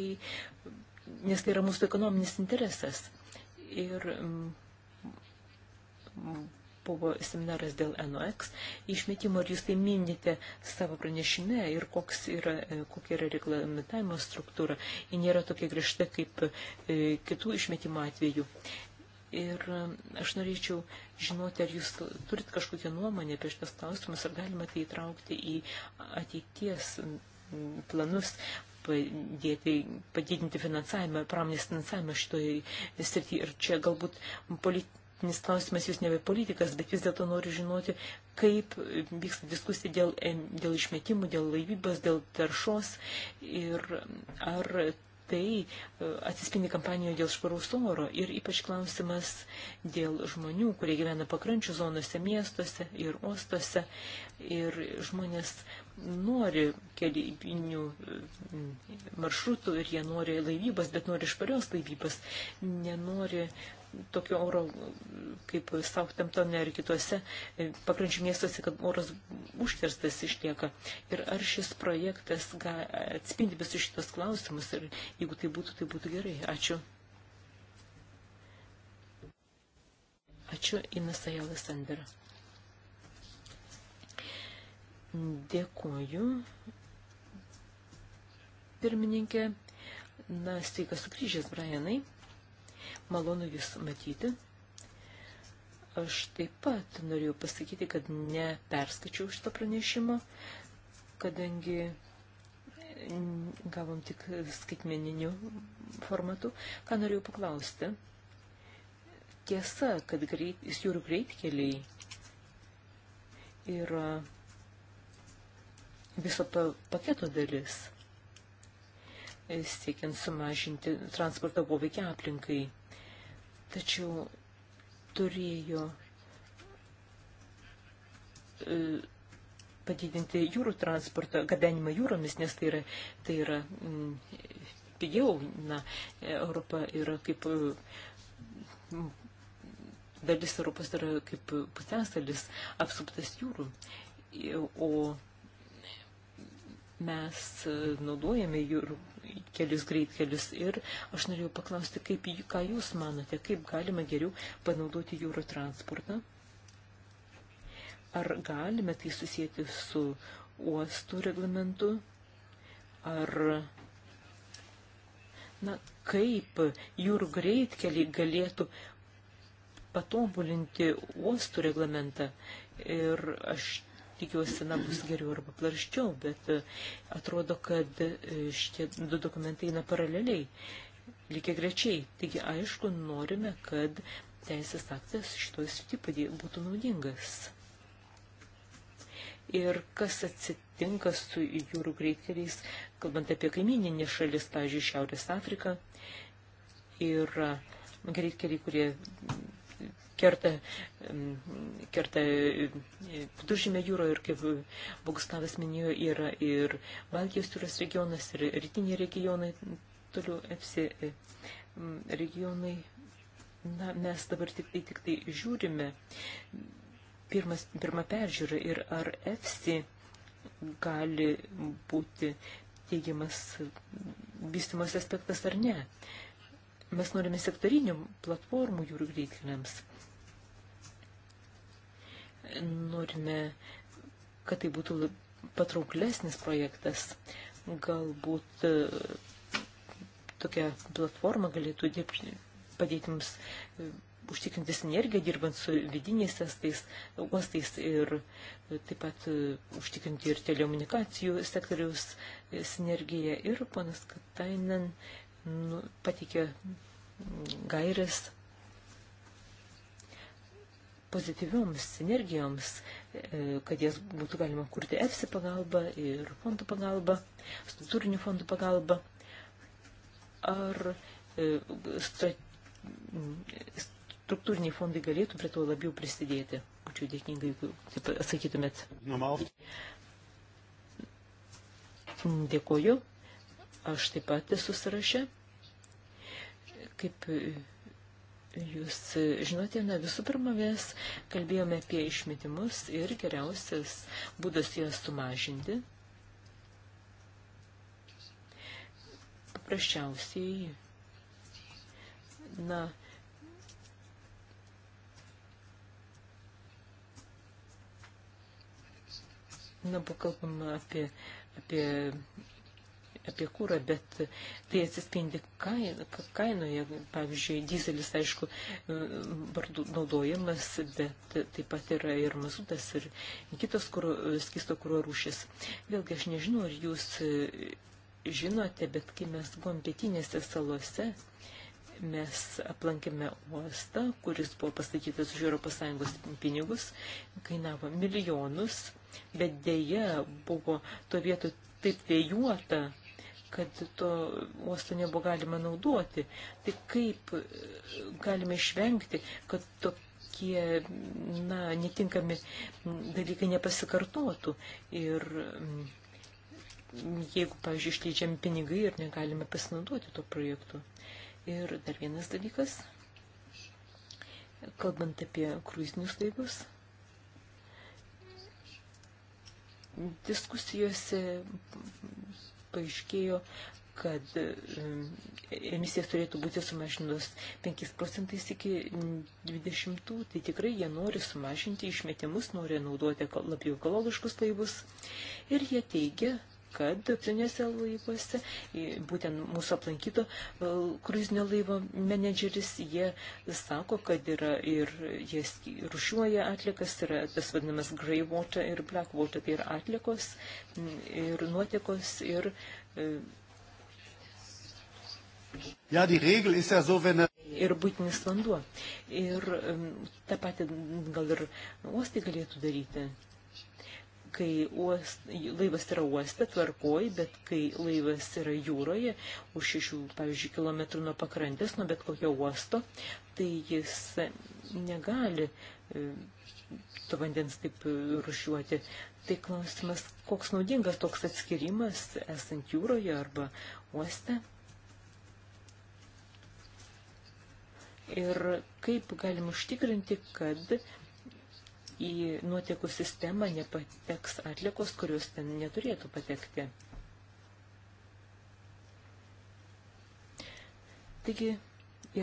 nes tai yra mūsų ekonominis interesas. Ir mm, buvo seminaras dėl NOX išmetimo, ar jūs tai minite savo pranešime ir koks yra, e, kokia yra reglamentavimo struktūra. Ji nėra tokia griežta kaip e, kitų išmetimo atveju. Ir aš norėčiau žinoti, ar jūs turit kažkokią nuomonę apie šitas klausimus, ar galima tai įtraukti į ateities planus padėti, padidinti finansavimą, pramonės finansavimą šitoje srityje. Ir čia galbūt politinis klausimas, jūs nebe politikas, bet vis dėlto noriu žinoti, kaip vyksta diskusija dėl, dėl išmetimų, dėl laivybos, dėl taršos ir ar tai e, atsispindi kampanijoje dėl švaraus oro ir ypač klausimas dėl žmonių, kurie gyvena pakrančių zonose, miestuose ir ostuose. Ir žmonės nori kelinių e, maršrutų ir jie nori laivybos, bet nori švarios laivybos, nenori tokio oro kaip Southamptone ar kitose e, pakrančių miestuose, kad oras užterstas išlieka. Ir ar šis projektas atspindi visus šitos klausimus ir jeigu tai būtų, tai būtų gerai. Ačiū. Ačiū Inesa Jalasandera. Dėkuoju, pirmininkė. Na, sveikas sugrįžęs, Brianai malonu Jūs matyti. Aš taip pat norėjau pasakyti, kad neperskačiau šito pranešimo, kadangi gavom tik skaitmeniniu formatu. Ką norėjau paklausti? Tiesa, kad greit, jūrų greitkeliai yra viso paketo dalis siekiant sumažinti transporto poveikį aplinkai tačiau turėjo e, padidinti jūrų transportą, gabenimą jūromis, nes tai yra, tai yra m, mm, pigiau. Na, Europa yra kaip mm, dalis Europos yra kaip pusiasalis apsuptas jūrų. E, o mes naudojame jūrų kelius greitkelius. Ir aš norėjau paklausti, kaip, ką Jūs manote, kaip galima geriau panaudoti jūrų transportą? Ar galime tai susijęti su uostų reglamentu? Ar na, kaip jūrų greitkeliai galėtų patobulinti uostų reglamentą? Ir aš tikiuosi, na, bus geriau arba plarščiau, bet e, atrodo, kad e, šitie du dokumentai eina paraleliai, lygiai grečiai. Taigi, aišku, norime, kad teisės aktas šitoj srity būtų naudingas. Ir kas atsitinka su jūrų greitkeliais, kalbant apie kaimininį šalis, pavyzdžiui, Šiaurės Afrika, ir greitkeliai, kurie kerta, kerta viduržymė jūro ir kaip Boguslavas minėjo, yra ir Baltijos jūros regionas, ir rytiniai regionai, toliau EFSI regionai. Na, mes dabar tik tai, tik tai žiūrime pirmas, pirmą peržiūrą ir ar EFSI gali būti teigiamas vystimos aspektas ar ne. Uh, Mes norime sektorinių platformų jūrų greitkeliams. Norime, kad tai būtų patrauklesnis projektas. Galbūt e, tokia platforma galėtų dirbti, padėti mums e, užtikrinti sinergiją, dirbant su vidiniais estais, uostais ir e, taip pat užtikrinti ir telekomunikacijų sektoriaus sinergiją. Ir ponas Katainen nu, patikė gairis pozityvioms sinergijoms, e, kad jas būtų galima kurti EFSI pagalba ir fondų pagalba, struktūrinių fondų pagalba, ar e, struktūriniai fondai galėtų prie to labiau prisidėti. Būčiau dėkinga, jeigu taip atsakytumėt. Dėkoju. Aš taip pat esu sąraše. Kaip jūs žinote, na, visų pirma, mes kalbėjome apie išmetimus ir geriausias būdas jas sumažinti. Paprasčiausiai, na, na, buvo kalbama apie, apie apie kūrą, bet tai atsispindi kainoje. Pavyzdžiui, dizelis, aišku, naudojamas, bet taip pat yra ir mazutas ir kitos kūro, skisto kūro rūšis. Vėlgi, aš nežinau, ar jūs žinote, bet kai mes buvom pietinėse salose, mes aplankėme uostą, kuris buvo pastatytas už ES pinigus, kainavo milijonus, bet dėja buvo to vietu taip vėjuota, kad to uosto nebuvo galima naudoti. Tai kaip e, galime išvengti, kad tokie na, netinkami dalykai nepasikartotų. Ir jeigu, pavyzdžiui, išleidžiami pinigai ir negalime pasinaudoti to projektu. Ir dar vienas dalykas, kalbant apie kruizinius laivus. diskusijose paaiškėjo, kad emisijas turėtų būti sumažinus 5 procentais iki 20, tai tikrai jie nori sumažinti išmetimus, nori naudoti labiau ekologiškus laivus. Ir jie teigia, kad plenėse laivuose, būtent mūsų aplankyto e, kruizinio laivo menedžeris, jie sako, kad yra ir jie rušiuoja atlikas, yra tas vadinamas grey water ir black water, tai yra atlikos ir nuotekos ir. E, ja, die Regel ist ja so, wenn er ir būtinis vanduo. Ir um, tą patį gal ir uostai galėtų daryti kai uost, laivas yra uoste, tvarkoj, bet kai laivas yra jūroje, už šešių, pavyzdžiui, kilometrų nuo pakrantės, nuo bet kokio uosto, tai jis negali e, to vandens taip e, rušiuoti. Tai klausimas, koks naudingas toks atskirimas esant jūroje arba uoste? Ir kaip galim užtikrinti, kad į nuotekų sistemą nepateks atlikos, kurios ten neturėtų patekti. Taigi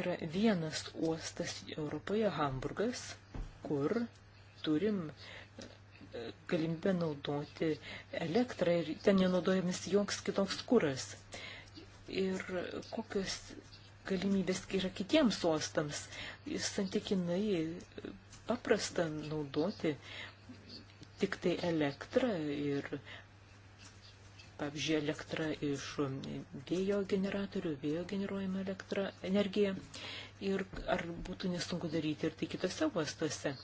yra vienas uostas Europoje, Hamburgas, kur turim e, galimybę naudoti elektrą ir ten nenaudojamas joks kitoks kuras. Ir kokios galimybės yra kitiems uostams, santykinai paprasta naudoti tik tai elektrą ir, pavyzdžiui, elektrą iš vėjo generatorių, vėjo generuojama elektra, energija ir ar būtų nesunku daryti ir tai kitose uostuose.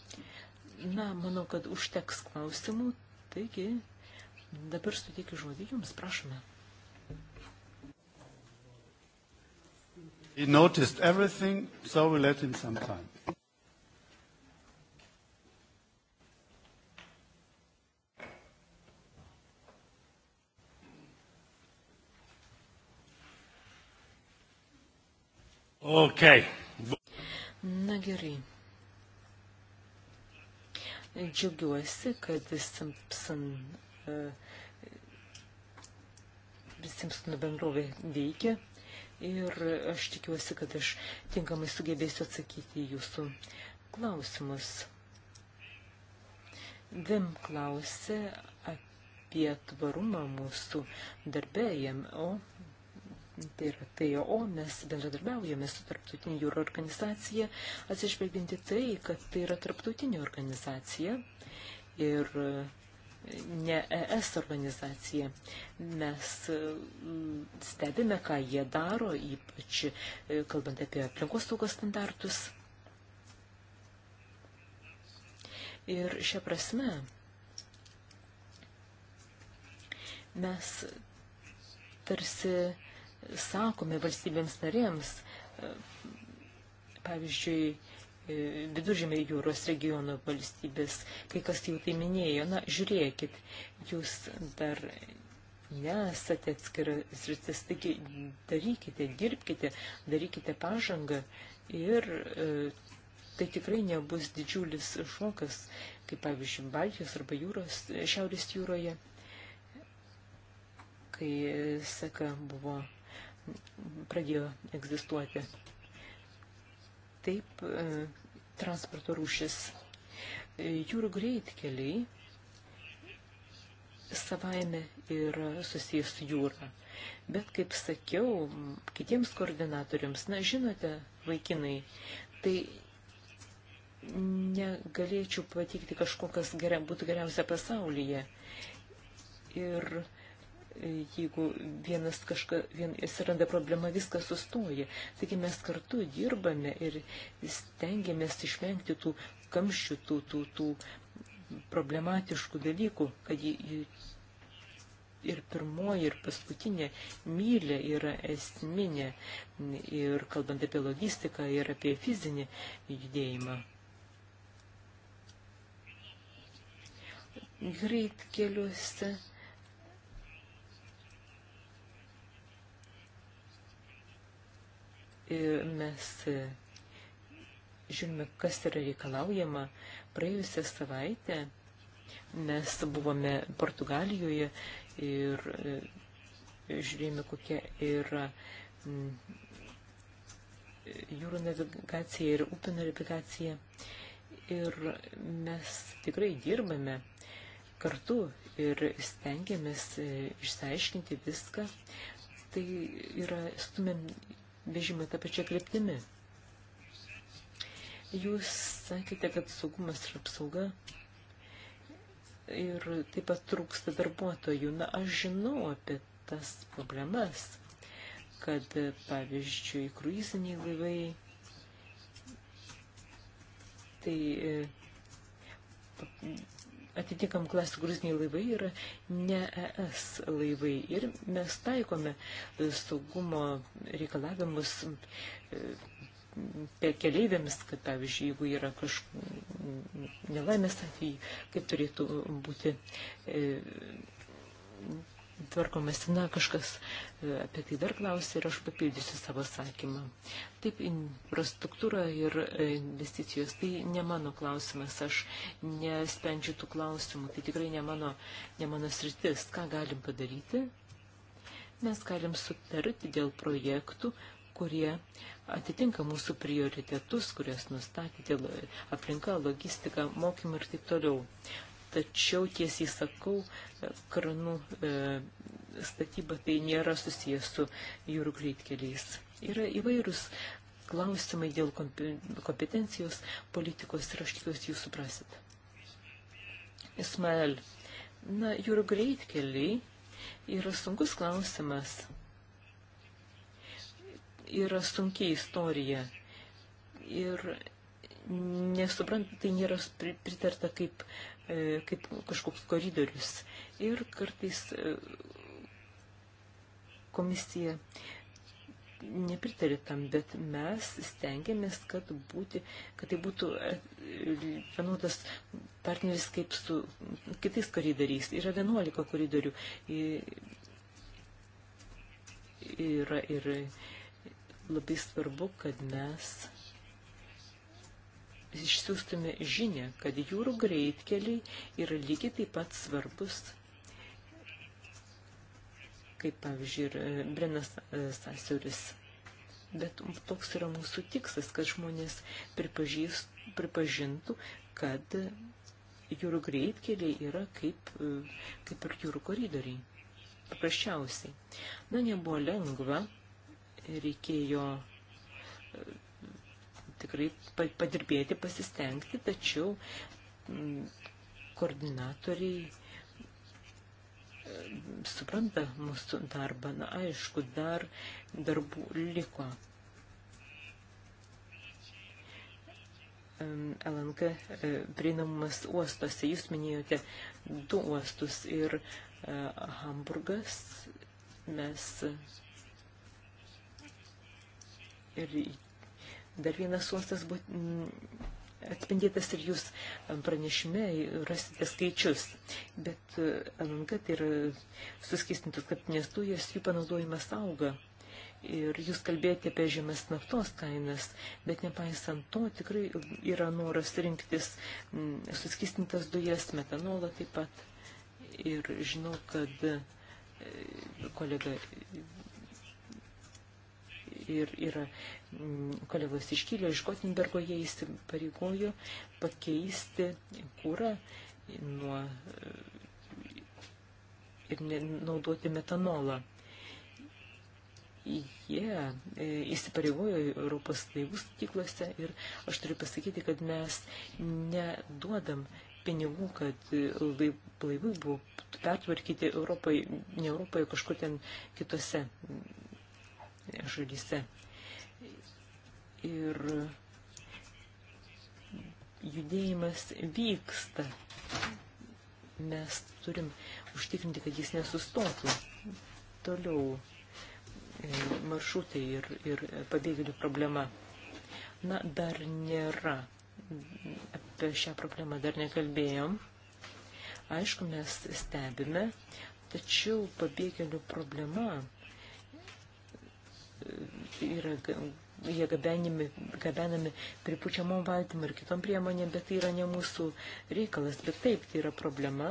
Na, manau, kad užteks klausimų, taigi dabar suteikiu žodį jums, prašome. He noticed everything, so we let him some time. Okay. Na gerai. Džiaugiuosi, kad Simpson, e, Simpson bendrovė veikia ir aš tikiuosi, kad aš tinkamai sugebėsiu atsakyti į jūsų klausimus. Vim klausė apie tvarumą mūsų darbėjim, o tai yra POO, mes bendradarbiaujame su Tarptautinė jūro organizacija, atsižvelginti tai, kad tai yra tarptautinė organizacija ir e, ne ES organizacija. Mes e, stebime, ką jie daro, ypač e, kalbant apie aplinkos saugos standartus. Ir šią prasme mes tarsi sakome valstybėms narėms, e, pavyzdžiui, e, viduržėmė jūros regiono valstybės, kai kas jau tai minėjo, na, žiūrėkit, jūs dar nesate atskiras rytis, taigi darykite, dirbkite, darykite pažangą ir e, tai tikrai nebus didžiulis šokas, kaip pavyzdžiui, Baltijos arba jūros, Šiaurės jūroje, kai seka buvo pradėjo egzistuoti. Taip, e, transporto rūšis. E, jūrų greitkeliai savaime yra susijęs su jūra. Bet, kaip sakiau, kitiems koordinatoriams, na, žinote, vaikinai, tai negalėčiau pateikti kažko, kas geria, būtų geriausia pasaulyje. Ir jeigu vienas kažka, vien, atsiranda problema, viskas sustoja. Taigi mes kartu dirbame ir stengiamės išvengti tų kamščių, tų, tų, tų problematiškų dalykų, kad jų ir pirmoji, ir paskutinė mylė yra esminė, ir kalbant apie logistiką, ir apie fizinį judėjimą. Greit keliuose E, mes e, žiūrime, kas yra reikalaujama. Praėjusią savaitę mes buvome Portugalijoje ir e, žiūrėjome, kokia yra mm, jūrų navigacija ir upių navigacija. Ir mes tikrai dirbame kartu ir stengiamės išsiaiškinti viską. Tai yra stumėm vežimą tą pačią kryptimį. Jūs sakėte, kad saugumas ir apsauga ir taip pat trūksta darbuotojų. Na, aš žinau apie tas problemas, kad, pavyzdžiui, kruiziniai laivai, tai e, atitinkam klasių gruziniai laivai yra ne ES laivai ir mes taikome saugumo reikalavimus e, keleiviams, kad pavyzdžiui, jeigu yra kažkokių nelaimės atvejai, kaip turėtų būti e, tvarkomasi, na, kažkas e, apie tai dar klausė ir aš papildysiu savo sakymą. Taip, infrastruktūra ir e, investicijos, tai ne mano klausimas, aš nespendžiu tų klausimų, tai tikrai ne mano, ne mano sritis. Ką galim padaryti? Mes galim sutarti dėl projektų, kurie atitinka mūsų prioritetus, kurias nustatė aplinka, logistika, mokymai ir taip toliau. Tačiau tiesiai sakau, kranų e, statyba tai nėra susijęs su jūrų greitkeliais. Yra įvairūs klausimai dėl kompetencijos politikos ir aš tikiuosi jūs suprasit. Ismael, na, jūrų greitkeliai yra sunkus klausimas. Yra sunkiai istorija. Ir nesuprant, tai nėra pritarta kaip uh, E, kaip kažkoks koridorius. Ir kartais e, komisija nepritarė tam, bet mes stengiamės, kad, būti, kad tai būtų e, vienodas partneris kaip su kitais koridoriais. Yra 11 koridorių. Yra ir labai svarbu, kad mes išsiųstume žinę, kad jūrų greitkeliai yra lygiai taip pat svarbus, kaip pavyzdžiui ir e, Brenas e, Sasiuris. Bet toks yra mūsų tikslas, kad žmonės pripažintų, kad jūrų greitkeliai yra kaip, e, kaip ir jūrų koridoriai. Paprasčiausiai. Na, nebuvo lengva, reikėjo tikrai padirbėti, pasistengti, tačiau mm, koordinatoriai mm, supranta mūsų darbą. Na, aišku, dar darbų liko. LNK e, prieinamumas uostose. Jūs minėjote du uostus ir e, Hamburgas. Mes ir Dar vienas uostas bus atspindėtas ir jūs pranešime rasite skaičius, bet LNG tai yra suskistintos kapinės dujos, jų panaudojimas auga. Ir jūs kalbėjote apie žemės naftos kainas, bet nepaisant to tikrai yra noras rinktis suskistintas dujas, metanolą taip pat. Ir žinau, kad e, kolega ir yra mm, kolegos iš Kylio, iš Gotenbergo, jie įsipareigojo pakeisti kūrą nuo e, ir naudoti metanolą. Jie yeah, įsipareigojo Europos laivų stiklose ir aš turiu pasakyti, kad mes neduodam pinigų, kad e, laivai buvo pertvarkyti Europai, ne Europoje, kažkur ten kitose šalyse. Ir judėjimas vyksta. Mes turim užtikrinti, kad jis nesustotų. Toliau e, maršrutai ir, ir pabėgėlių problema. Na, dar nėra. Apie šią problemą dar nekalbėjom. Aišku, mes stebime, tačiau pabėgėlių problema yra, jie gabenimi, gabenami pripučiamom valtim ir kitom priemonėm, bet tai yra ne mūsų reikalas, bet taip, tai yra problema.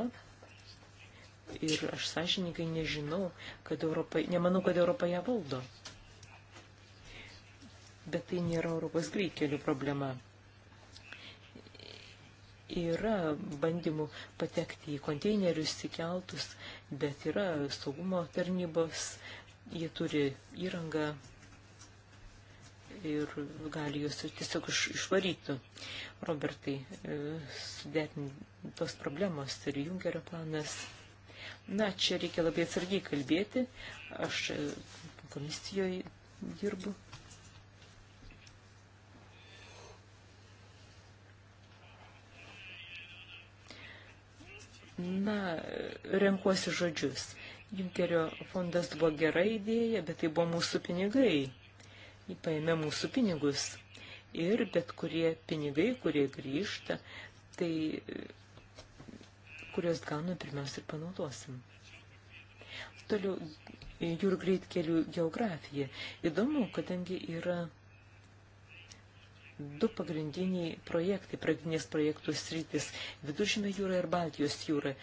Ir aš sąžininkai nežinau, kad Europa, nemanau, kad Europa ją valdo. Bet tai nėra Europos greitkelių problema yra bandymų patekti į konteinerius, į keltus, bet yra saugumo tarnybos, Jie turi įrangą ir gali juos tiesiog iš, išvaryti. Robertai, e, sudėtintos problemos ir Junkerio planas. Na, čia reikia labai atsargiai kalbėti. Aš e, komisijoje dirbu. Na, renkuosi žodžius. Junkerio fondas buvo gera idėja, bet tai buvo mūsų pinigai. Jį paėmė mūsų pinigus. Ir bet kurie pinigai, kurie grįžta, tai kuriuos gaunu pirmiausia ir panaudosim. Toliau jūrų greitkelių geografija. Įdomu, kadangi yra du pagrindiniai projektai, pradinės projektų sritis – Viduržymė jūra ir Baltijos jūra.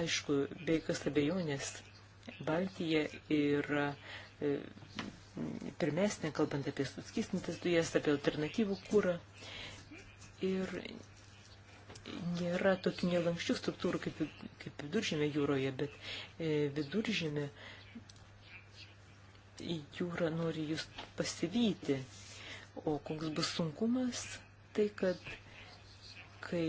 Aišku, be jokios abejonės – Baltija yra e, pirmesnė, kalbant apie suskistintas dujas, apie alternatyvų kūrą. Ir nėra tokių nelankščių struktūrų kaip, kaip viduržėme jūroje, bet e, viduržėme jūra nori jūs pasivyti. O koks bus sunkumas, tai kad kai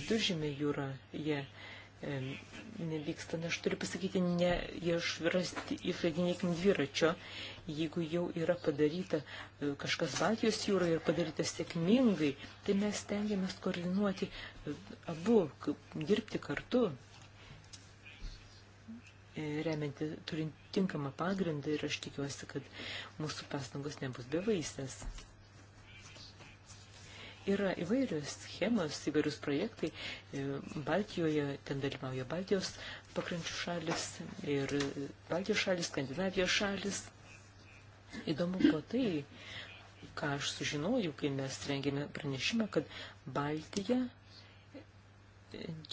viduržėme jūroje yeah E, nevyksta. Na, aš turiu pasakyti, ne, išradinėkim dviračio. Jeigu jau yra padaryta e, kažkas Baltijos jūroje ir padaryta sėkmingai, tai mes tengiamės koordinuoti e, abu, dirbti kartu, remianti, turint tinkamą pagrindą ir aš tikiuosi, kad mūsų pastangos nebus bevaisės. Yra įvairios schemos, įvairius projektai. E, Baltijoje, ten dalyvauja Baltijos pakrančių šalis ir Baltijos šalis, Skandinavijos šalis. Įdomu buvo tai, ką aš sužinojau, kai mes rengėme pranešimą, kad Baltija e,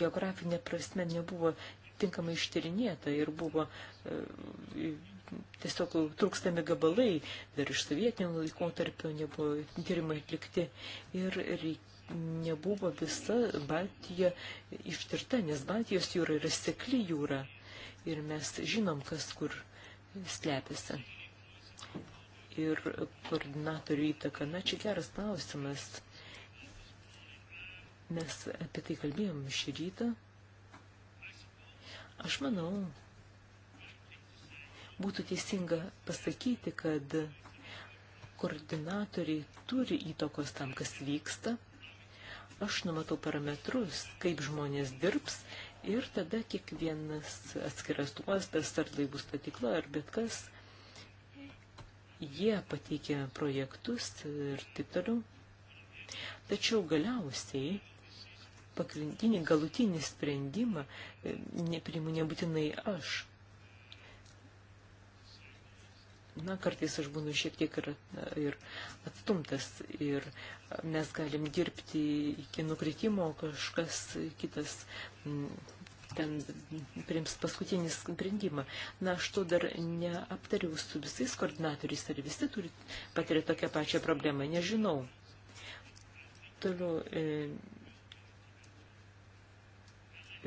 geografinė prasme nebuvo tinkamai ištyrinėta ir buvo e, tiesiog trūkstami gabalai, dar iš sovietinių laikotarpio nebuvo tyrimai atlikti ir reikia nebuvo visa Baltija ištirta, nes Baltijos jūra yra sekli jūra ir mes žinom, kas kur slepiasi. Ir koordinatorių įtaka, na, čia geras klausimas. Mes apie tai kalbėjom šį rytą. Aš manau, būtų teisinga pasakyti, kad koordinatoriai turi įtakos tam, kas vyksta. Aš numatau parametrus, kaip žmonės dirbs ir tada kiekvienas atskiras uostas ar laivų statykla ar bet kas, jie pateikia projektus ir taip toliau. Tačiau galiausiai pagrindinį galutinį sprendimą e, neprimu nebūtinai aš, na, kartais aš būnu šiek tiek ir, ir atstumtas ir mes galim dirbti iki nukritimo, kažkas kitas mm, ten priims paskutinį sprendimą. Na, aš to dar neaptariau su visais koordinatoriais, ar visi turi patiria tokią pačią problemą, nežinau. Toliau, e,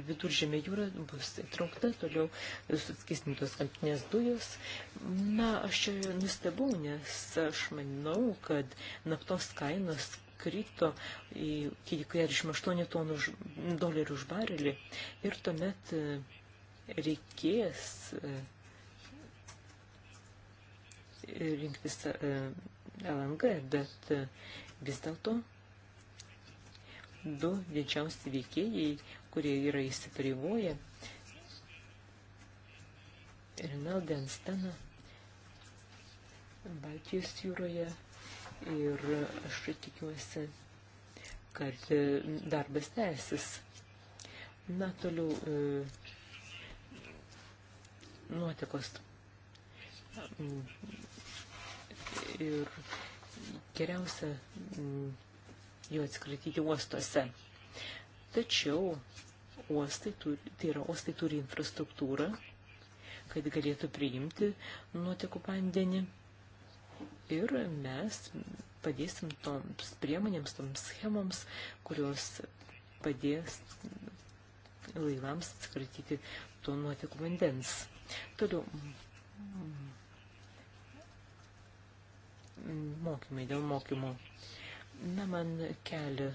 viduržėmė jūra bus įtraukta toliau suskistintos gamtinės dujos. Na, aš čia nustebau, nes aš manau, kad naftos kainos krito iki 48 tonų dolerių už barelį ir tuomet e, reikės e, rinktis e, LNG, bet vis dėlto du didžiausi veikėjai kurie yra įsipareigoję. Renaldė Anstana, Baltijos jūroje ir aš tikiuosi, kad e, darbas tęsis. Na, toliau e, nuotekos. Ir geriausia jo atskratyti uostuose. Tačiau uostai turi, tai yra, uostai turi infrastruktūrą, kad galėtų priimti nuotekų vandenį. Ir mes padėsim toms priemonėms, toms schemoms, kurios padės laivams atsikratyti to nuotekų vandens. Toliau mokymai dėl mokymų. Na, man kelia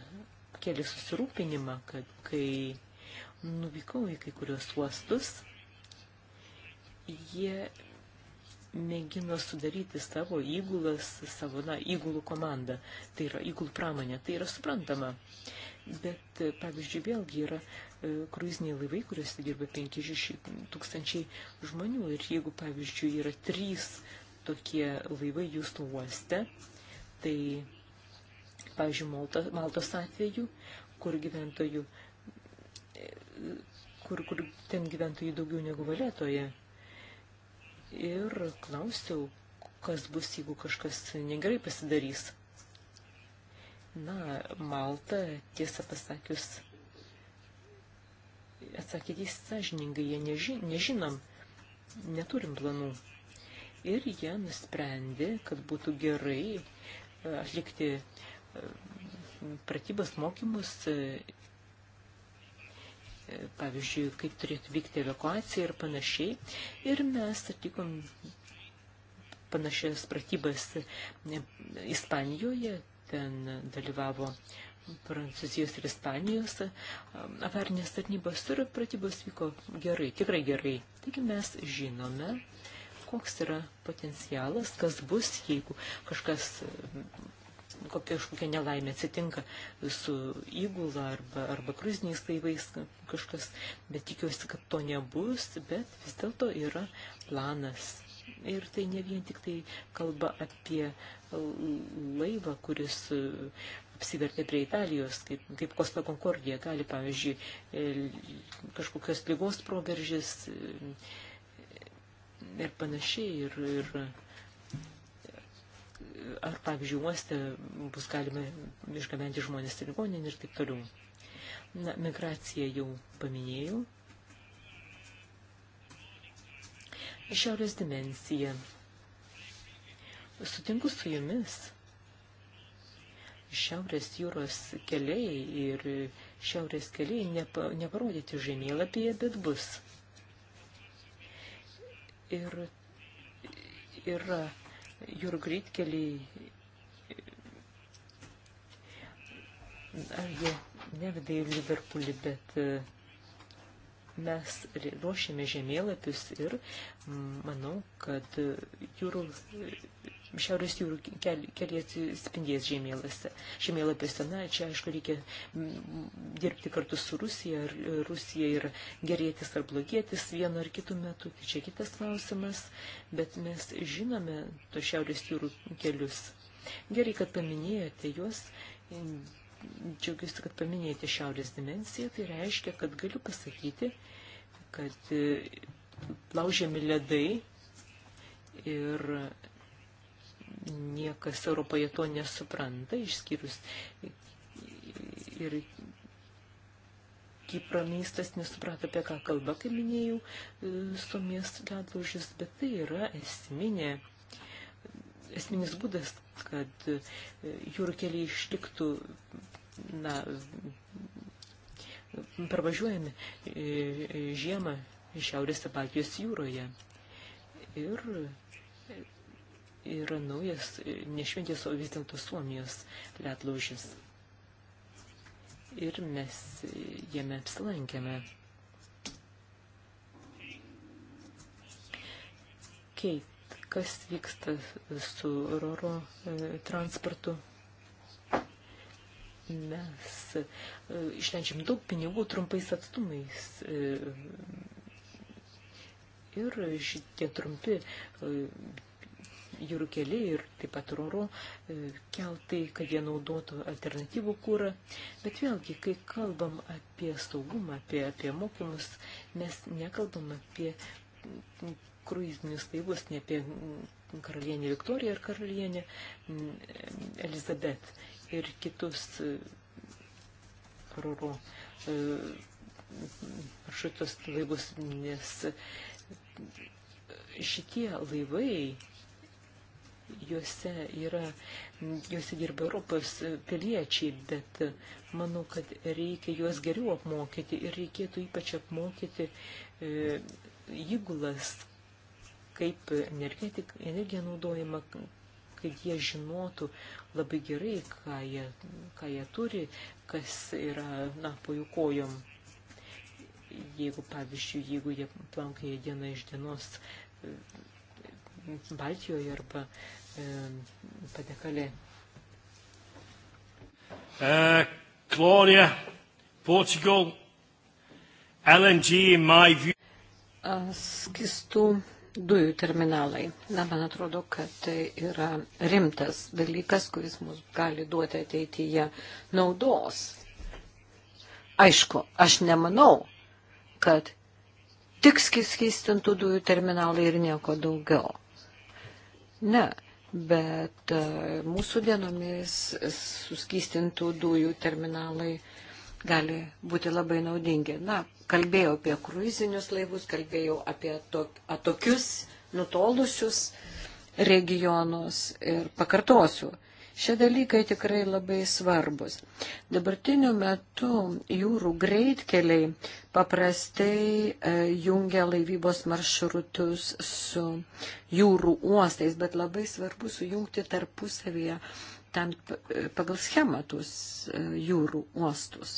kėlė susirūpinimą, kad kai nuvykau į kai kurios uostus, jie mėgino sudaryti savo įgulas, savo, na, įgulų komandą, tai yra įgulų pramonė, tai yra suprantama. Bet, pavyzdžiui, vėlgi yra e, kruiziniai laivai, kuriuose dirba 5-6 tūkstančiai žmonių ir jeigu, pavyzdžiui, yra trys tokie laivai jūsų uoste, tai pavyzdžiui, Maltos atveju, kur gyventojų, kur, kur ten gyventojų daugiau negu valėtoje. Ir klausiau, kas bus, jeigu kažkas negerai pasidarys. Na, Malta, tiesą pasakius, atsakė jis sąžiningai, jie neži, nežinom, neturim planų. Ir jie nusprendė, kad būtų gerai atlikti pratybas mokymus, e, pavyzdžiui, kaip turėtų vykti evakuacija ir panašiai. Ir mes atlikom panašias pratybas Ispanijoje, ten dalyvavo Prancūzijos ir Ispanijos e, avarinės tarnybos ir pratybos vyko gerai, tikrai gerai. Taigi mes žinome, koks yra potencialas, kas bus, jeigu kažkas kažkokia nelaimė atsitinka su įgula arba, arba kruziniais laivais kažkas, bet tikiuosi, kad to nebus, bet vis dėlto yra planas. Ir tai ne vien tik tai kalba apie laivą, kuris e, apsivertė prie Italijos, kaip, kaip Kosta Concordija, gali, pavyzdžiui, e, kažkokios lygos proveržis e, ir panašiai. Ir, ir ar, pavyzdžiui, uoste bus galima išgabenti žmonės į ligoninį ir taip toliau. Na, migraciją jau paminėjau. Šiaurės dimensija. Sutinku su jumis. Šiaurės jūros keliai ir šiaurės keliai nepa, neparodyti žemėlapyje, bet bus. Ir yra jūrų keliai ar jie neveda į Liverpulį, bet e, mes ruošiame žemėlapius ir manau, kad e, jūrų Šiaurės jūrų kelias spindės žemėlapiuose. Na, čia, aišku, reikia dirbti kartu su Rusija. Ar Rusija yra gerėtis ar blogėtis vienu ar kitu metu, tai čia kitas klausimas. Bet mes žinome to Šiaurės jūrų kelius. Gerai, kad paminėjote juos. Džiaugiuosi, kad paminėjote Šiaurės dimensiją. Tai reiškia, kad galiu pasakyti, kad e, laužėmi ledai ir niekas Europoje to nesupranta, išskyrus ir Kipro miestas nesuprato, apie ką kalba, kaip minėjau, Suomijos ledlaužis, bet tai yra esminė, esminis būdas, kad jūrų keliai ištiktų, na, pravažiuojami e, e, žiemą Šiaurės Baltijos jūroje. Ir yra naujas, e, ne šventės, o vis dėlto Suomijos ledlaužis. Ir mes e, jame apsilankėme. Keit, kas vyksta su oro e, transportu? Mes išleidžiam daug pinigų trumpais atstumais. Ir šitie trumpi jūrų keliai ir taip pat roro e, keltai, kad jie naudotų alternatyvų kūrą. Bet vėlgi, kai kalbam apie saugumą, apie, apie mokymus, mes nekalbam apie kruizinius laivus, ne apie karalienę Viktoriją ir karalienę mm, Elizabet ir kitus roro e, e, maršrutus laivus, nes šitie laivai juose yra, juose dirba Europos piliečiai, bet manau, kad reikia juos geriau apmokyti ir reikėtų ypač apmokyti e, įgulas, kaip energija naudojama, kad jie žinotų labai gerai, ką jie, ką jie turi, kas yra, na, po jų kojom. Jeigu, pavyzdžiui, jeigu jie plankioja dieną iš dienos e, Baltijoje arba e, Padekalė. Uh, e, Claudia, Portugal, LNG in my view. Skistų dujų terminalai. Na, man atrodo, kad tai yra rimtas dalykas, kuris mus gali duoti ateityje naudos. Aišku, aš nemanau, kad tik skistintų dujų terminalai ir nieko daugiau. Ne, bet e, mūsų dienomis suskystintų dujų terminalai gali būti labai naudingi. Na, kalbėjau apie kruizinius laivus, kalbėjau apie tok, atokius, nutolusius regionus ir pakartosiu, Šie dalykai tikrai labai svarbus. Dabartiniu metu jūrų greitkeliai paprastai e, jungia laivybos maršrutus su jūrų uostais, bet labai svarbu sujungti tarpusavėje tam e, pagal schemą tuos e, jūrų uostus.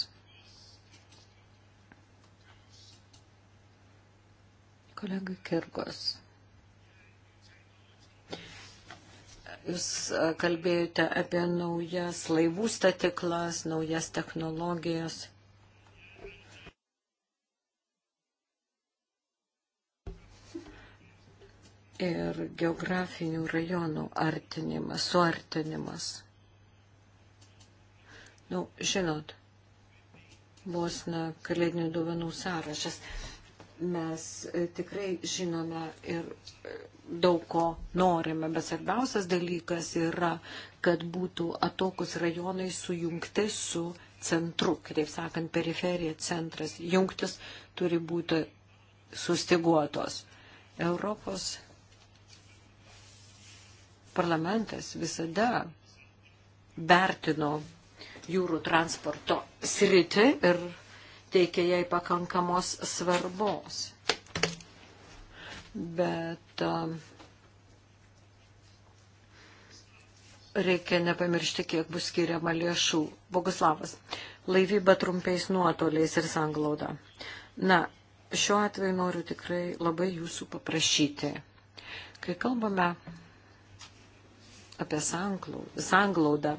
Kolega Kirgos. Jūs e, kalbėjote apie naujas laivų statiklas, naujas technologijas. ir geografinių rajonų artinimas, suartinimas. Nu, žinot, vos na kalėdinių duomenų sąrašas. Mes e, tikrai žinome ir e, daug ko norime, bet svarbiausias dalykas yra, kad būtų atokus rajonai sujungti su centru, kitaip sakant, periferija, centras. Jungtis turi būti sustiguotos. Europos parlamentas visada vertino jūrų transporto sritį ir teikė jai pakankamos svarbos bet um, reikia nepamiršti, kiek bus skiriama lėšų. Boguslavas, laivyba trumpiais nuotoliais ir sanglauda. Na, šiuo atveju noriu tikrai labai jūsų paprašyti. Kai kalbame apie sanglaudą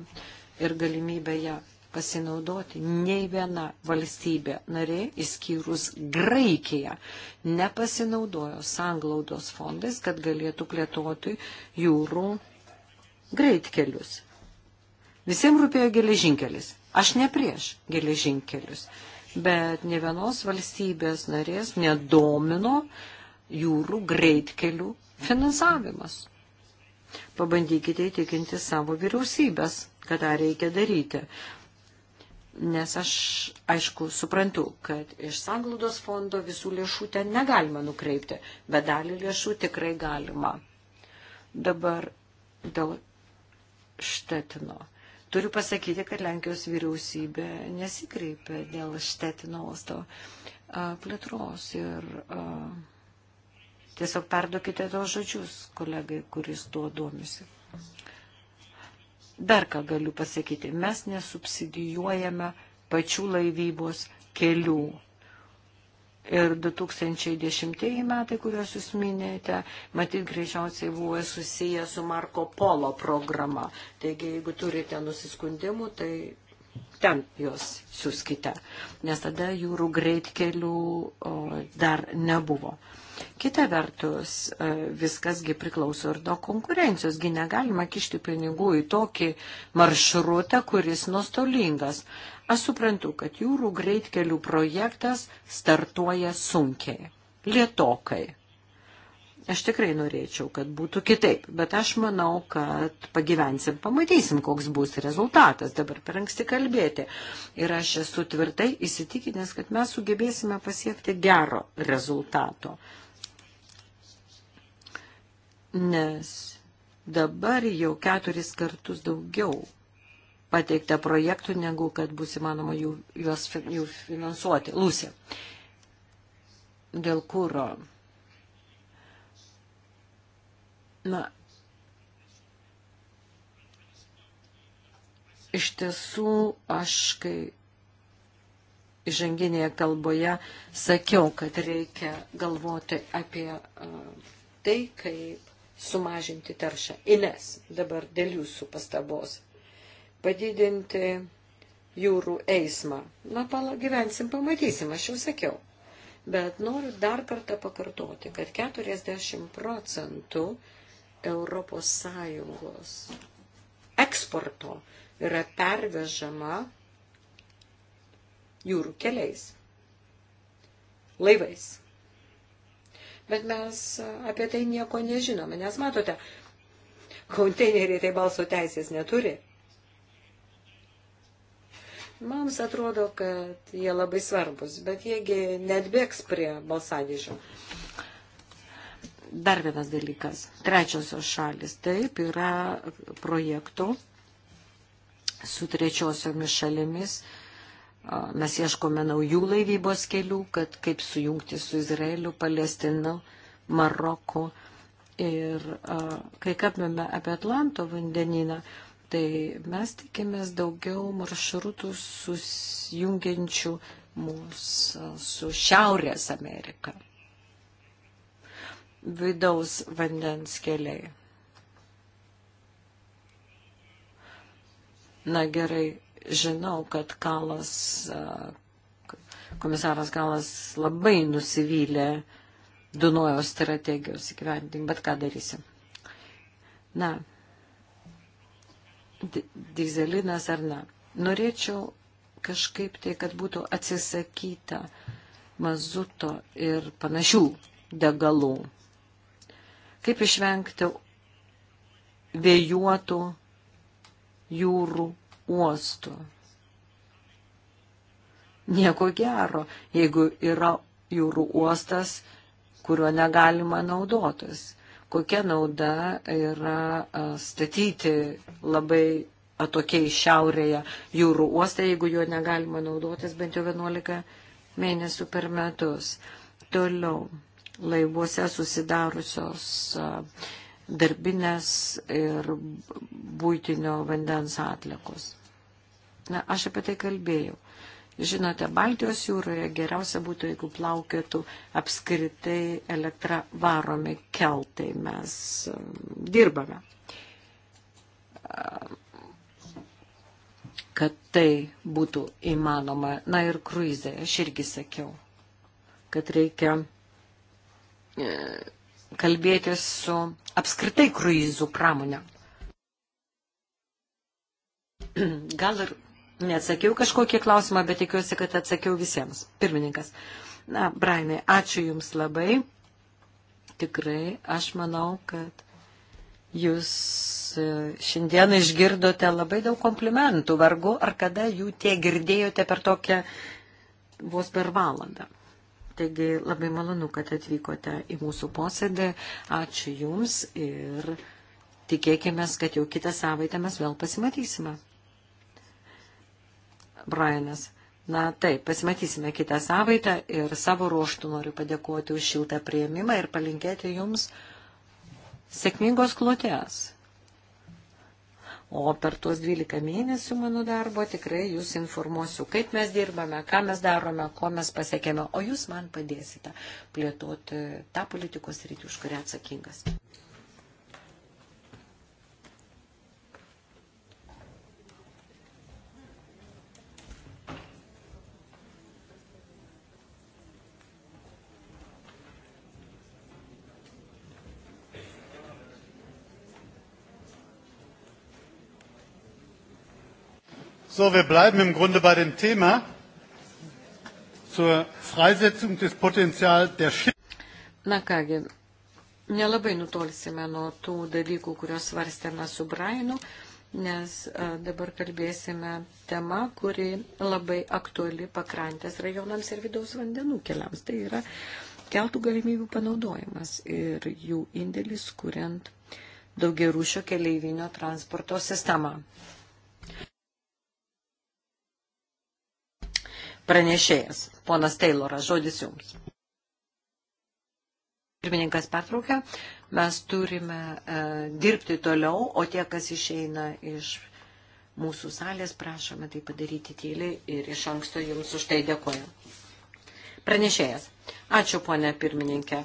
ir galimybę ją pasinaudoti nei viena valstybė narė, įskyrus Graikiją, nepasinaudojo sanglaudos fondais, kad galėtų plėtoti jūrų greitkelius. Visiems rūpėjo geležinkelis. Aš ne prieš geležinkelius, bet ne vienos valstybės narės nedomino jūrų greitkelių finansavimas. Pabandykite įtikinti savo vyriausybės, kad tą reikia daryti nes aš, aišku, suprantu, kad iš sanglaudos fondo visų lėšų ten negalima nukreipti, bet dalį lėšų tikrai galima. Dabar dėl štetino. Turiu pasakyti, kad Lenkijos vyriausybė nesikreipė dėl štetino uosto plėtros ir a, tiesiog perduokite tos žodžius kolegai, kuris tuo domisi. Dar ką galiu pasakyti, mes nesubsidijuojame pačių laivybos kelių. Ir 2010 metai, kuriuos jūs minėjote, matyt, greičiausiai buvo susiję su Marko Polo programa. Taigi, jeigu turite nusiskundimų, tai ten juos siūskite, nes tada jūrų greitkelių o, dar nebuvo. Kita vertus, e, viskasgi priklauso ir nuo konkurencijosgi negalima kišti pinigų į tokį maršrutą, kuris nuostolingas. Aš suprantu, kad jūrų greitkelių projektas startuoja sunkiai, lietokai. Aš tikrai norėčiau, kad būtų kitaip, bet aš manau, kad pagyvensim, pamatysim, koks bus rezultatas, dabar per anksti kalbėti. Ir aš esu tvirtai įsitikinęs, kad mes sugebėsime pasiekti gero rezultato nes dabar jau keturis kartus daugiau pateikta projektų, negu kad bus įmanoma jų, juos jų finansuoti. Lūsė. Dėl kūro. Na, iš tiesų aš, kai įžanginėje kalboje sakiau, kad reikia galvoti apie uh, tai, kaip sumažinti taršą. Ines, dabar dėl jūsų pastabos. Padidinti jūrų eismą. Na, pala, gyvensim, pamatysim, aš jau sakiau. Bet noriu dar kartą pakartoti, kad 40 procentų Europos Sąjungos eksporto yra pervežama jūrų keliais, laivais bet mes apie tai nieko nežinome, nes matote, konteineriai tai balso teisės neturi. Mums atrodo, kad jie labai svarbus, bet jiegi net bėgs prie balsadėžio. Dar vienas dalykas. Trečiosios šalis. Taip, yra projektų su trečiosiomis šalimis Mes ieškome naujų laivybos kelių, kad kaip sujungti su Izraeliu, Palestinu, Maroku. Ir kai kalbame apie Atlanto vandenyną, tai mes tikimės daugiau maršrutų susijungiančių mūsų su Šiaurės Amerika. Vidaus vandens keliai. Na gerai, žinau, kad Kalas, e, komisaras Kalas labai nusivylė Dunojo strategijos įgyvendinti, bet ką darysim. Na, dizelinas ar ne. Norėčiau kažkaip tai, kad būtų atsisakyta mazuto ir panašių degalų. Kaip išvengti vėjuotų jūrų uostų. Nieko gero, jeigu yra jūrų uostas, kurio negalima naudotis. Kokia nauda yra statyti labai atokiai šiaurėje jūrų uostą, jeigu jo negalima naudotis bent jau 11 mėnesių per metus. Toliau laivuose susidarusios darbinės ir būtinio vandens atlikos. Na, aš apie tai kalbėjau. Žinote, Baltijos jūroje geriausia būtų, jeigu plaukėtų apskritai elektra varomi keltai. Mes um, dirbame, kad tai būtų įmanoma. Na ir kruizai, aš irgi sakiau, kad reikia e, kalbėti su apskritai kruizų pramonė. Gal ir neatsakiau kažkokį klausimą, bet tikiuosi, kad atsakiau visiems. Pirmininkas. Na, Brainai, ačiū Jums labai. Tikrai, aš manau, kad Jūs e, šiandien išgirdote labai daug komplimentų. Vargu, ar kada jų tie girdėjote per tokią vos per valandą. Taigi labai malonu, kad atvykote į mūsų posėdį. Ačiū Jums ir tikėkime, kad jau kitą savaitę mes vėl pasimatysime. Brianas. Na taip, pasimatysime kitą savaitę ir savo ruoštų noriu padėkoti už šiltą prieimimą ir palinkėti jums sėkmingos klotės. O per tuos 12 mėnesių mano darbo tikrai jūs informuosiu, kaip mes dirbame, ką mes darome, ko mes pasiekėme, o jūs man padėsite plėtoti tą politikos rytį, už kurią atsakingas. So, wir bleiben im Grunde bei dem Thema zur Freisetzung des Potenzials der Schiff. Na kągi, nelabai nutolsime nuo tų dalykų, kuriuos svarstėme su Brainu, nes e, dabar kalbėsime tema, kuri labai aktuali pakrantės rajonams ir vidaus vandenų keliams. Tai yra keltų galimybių panaudojimas ir jų indėlis, kuriant daugiarūšio keleivinio transporto sistemą. pranešėjas. Ponas Tayloras, žodis jums. Pirmininkas pertraukia, mes turime e, dirbti toliau, o tie, kas išeina iš mūsų salės, prašome tai padaryti tyliai ir iš anksto jums už tai dėkoju. Pranešėjas. Ačiū, ponė pirmininkė.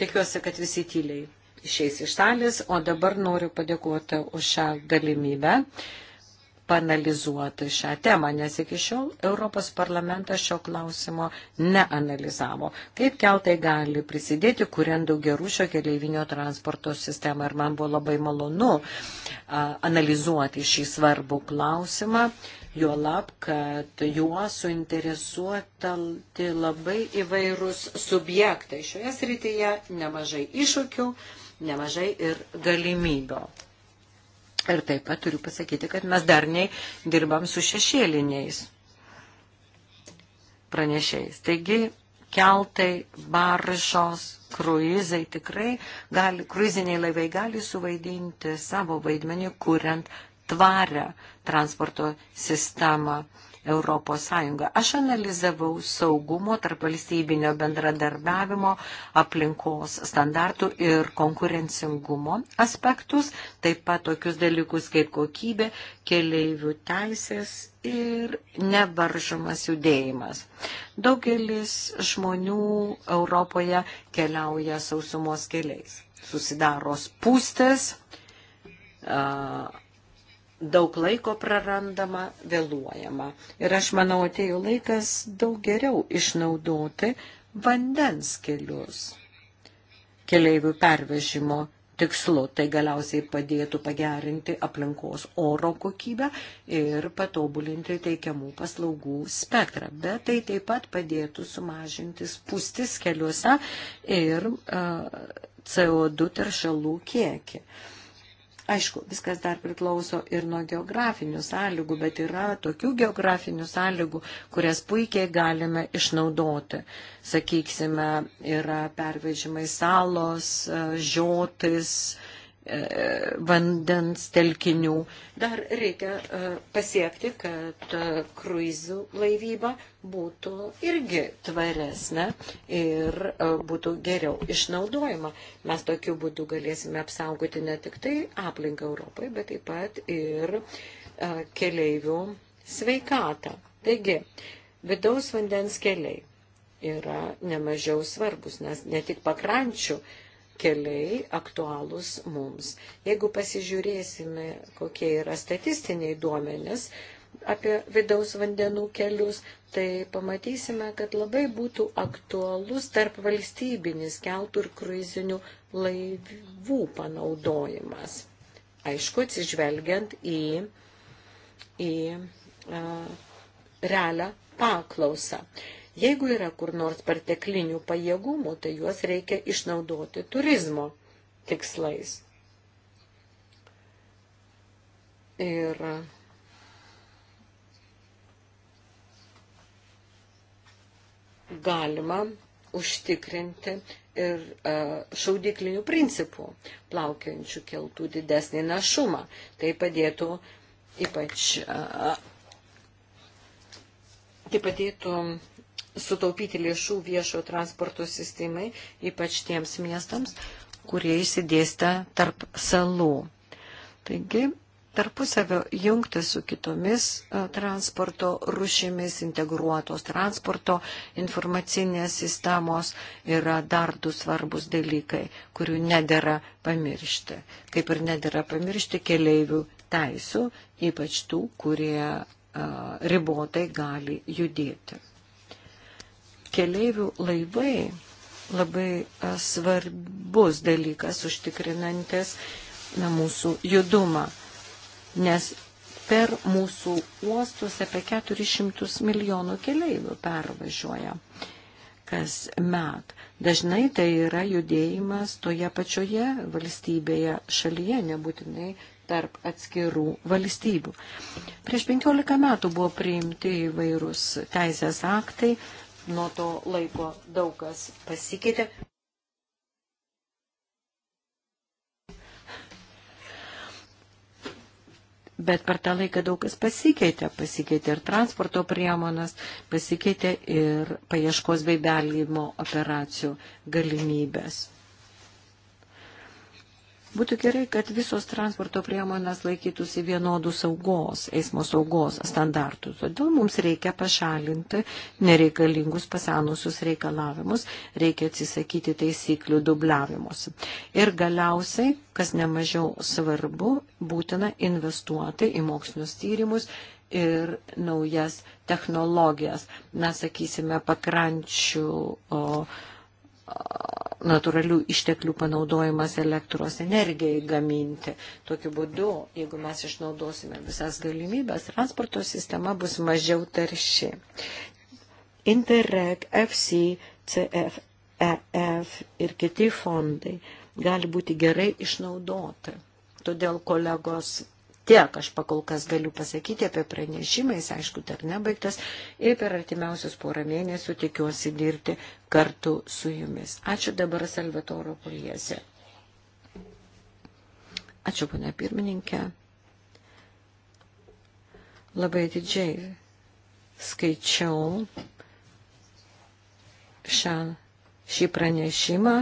Tikiuosi, kad visi tyliai išeis iš salės, o dabar noriu padėkoti už šią galimybę panalizuotų šią temą, nes iki šiol Europos parlamentas šio klausimo neanalizavo. Kaip keltai gali prisidėti, kuriant daugia rūšio keleivinio transporto sistemą. Ir man buvo labai malonu a, analizuoti šį svarbų klausimą, juolab, kad juo suinteresuota labai įvairūs subjektai. Šioje srityje nemažai iššūkių, nemažai ir galimybių. Ir taip pat turiu pasakyti, kad mes darniai dirbam su šešėliniais pranešėjais. Taigi, keltai, baržos, kruizai tikrai gali, kruiziniai laivai gali suvaidinti savo vaidmenį, kuriant tvarę transporto sistemą Europos Sąjungą. Aš analizavau saugumo, tarpvalstybinio bendradarbiavimo, aplinkos standartų ir konkurencingumo aspektus, taip pat tokius dalykus kaip kokybė, keleivių teisės ir nevaržomas judėjimas. Daugelis žmonių Europoje keliauja sausumos keliais. Susidaro spūstis, uh, daug laiko prarandama, vėluojama. Ir aš manau, atėjo laikas daug geriau išnaudoti vandens kelius keleivių pervežimo tikslu. Tai galiausiai padėtų pagerinti aplinkos oro kokybę ir patobulinti teikiamų paslaugų spektrą. Bet tai taip pat padėtų sumažinti spūstis keliuose ir uh, CO2 teršalų kiekį. Uh, Aišku, viskas dar priklauso ir nuo geografinių sąlygų, bet yra tokių geografinių sąlygų, kurias puikiai galime išnaudoti. Sakyksime, yra pervežimai salos, žiotis, E, vandens telkinių. Dar reikia e, pasiekti, kad e, kruizų laivyba būtų irgi tvaresnė ir būtų geriau išnaudojama. Mes tokiu būdu galėsime apsaugoti ne tik tai aplinką Europai, bet taip pat ir keleivių sveikatą. Taigi, vidaus vandens keliai yra nemažiau svarbus, nes ne tik pakrančių uh, keliai aktualūs mums. Jeigu pasižiūrėsime, kokie yra statistiniai duomenės apie vidaus vandenų kelius, tai pamatysime, kad labai būtų aktualus tarp valstybinis keltų ir kruizinių laivų panaudojimas. Aišku, atsižvelgiant į, į a, realią paklausą. A, Jeigu yra kur nors perteklinių pajėgumų, tai juos reikia išnaudoti turizmo tikslais. Ir galima užtikrinti ir e, šaudiklinių principų plaukiančių keltų didesnį našumą. Tai padėtų ypač. E, e, tai padėtų sutaupyti lėšų viešojo transporto sistemai, ypač tiems miestams, kurie įsidėsta tarp salų. Taigi, tarpusavio jungti su kitomis e, transporto rušimis, integruotos transporto informacinės sistemos yra dar du svarbus dalykai, kurių nedėra pamiršti. Kaip ir nedėra pamiršti keleivių teisų, ypač tų, kurie e, ribotai gali judėti keleivių laivai labai e, svarbus dalykas užtikrinantis na, mūsų judumą, nes per mūsų uostus apie 400 milijonų keleivių pervažiuoja kas met. Dažnai tai yra judėjimas toje pačioje valstybėje, šalyje, nebūtinai tarp atskirų valstybių. Prieš 15 metų buvo priimti įvairūs teisės aktai, Nuo to laiko daug kas pasikeitė. Bet per tą laiką daug kas pasikeitė. Pasikeitė ir transporto priemonas, pasikeitė ir paieškos bei belgimo operacijų galimybės. Būtų gerai, kad visos transporto priemonės laikytųsi vienodų saugos, eismo saugos standartų. Todėl mums reikia pašalinti nereikalingus pasenusius reikalavimus, reikia atsisakyti taisyklių dubliavimus. Ir galiausiai, kas nemažiau svarbu, būtina investuoti į mokslinius tyrimus ir naujas technologijas. Mes sakysime pakrančių. O, natūralių išteklių panaudojimas elektros energijai gaminti. Tokiu būdu, jeigu mes išnaudosime visas galimybės, transporto sistema bus mažiau tarši. Interreg, FC, CF, EF ir kiti fondai gali būti gerai išnaudoti. Todėl kolegos tiek aš pakol kas galiu pasakyti apie pranešimą, jis aišku dar nebaigtas ir per artimiausius porą mėnesių tikiuosi dirbti kartu su jumis. Ačiū dabar Salvatoro Poliese. Ačiū, ponia pirmininkė. Labai didžiai skaičiau šią, šį pranešimą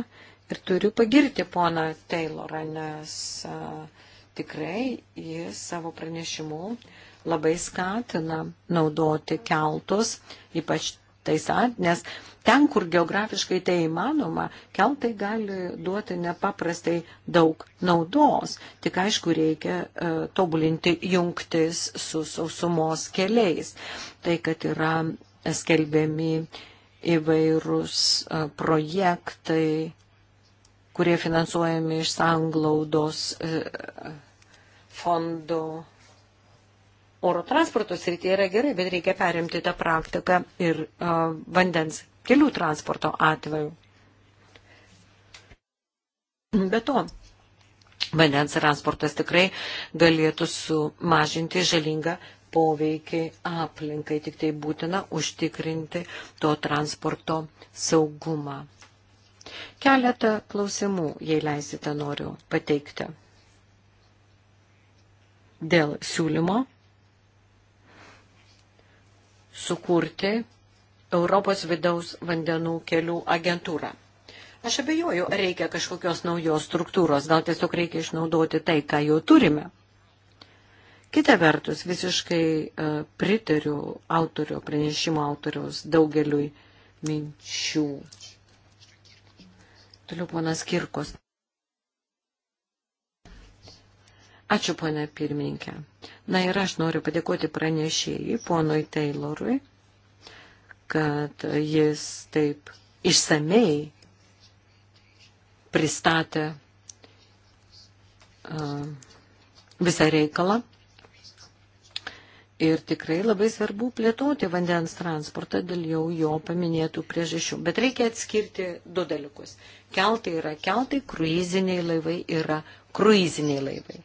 ir turiu pagirti poną Taylorą, nes uh, Tikrai jis savo pranešimu labai skatina naudoti keltus, ypač tais at, nes ten, kur geografiškai tai įmanoma, keltai gali duoti nepaprastai daug naudos. Tik aišku, reikia e, tobulinti jungtis su sausumos keliais. Tai, kad yra skelbiami įvairūs e, projektai, kurie finansuojami iš sanglaudos. E, fondo oro transporto srityje yra gerai, bet reikia perimti tą praktiką ir uh, vandens kelių transporto atveju. Be to, vandens transportas tikrai galėtų sumažinti žalingą poveikį aplinkai, tik tai būtina užtikrinti to transporto saugumą. Keletą klausimų, jei leisite, noriu pateikti dėl siūlymo sukurti Europos vidaus vandenų kelių agentūrą. Aš abejoju, ar reikia kažkokios naujos struktūros, gal tiesiog reikia išnaudoti tai, ką jau turime. Kita vertus, visiškai e, pritariu autorio, pranešimo autoriaus daugeliui minčių. Toliau ponas Kirkos. Ačiū, ponė pirmininkė. Na ir aš noriu padėkoti pranešėjai, ponui Taylorui, kad jis taip išsamei pristatė uh, visą reikalą. Ir tikrai labai svarbu plėtoti vandens transportą dėl jau jo paminėtų priežasčių. Bet reikia atskirti du dalykus. Keltai yra keltai, kruiziniai laivai yra kruiziniai laivai.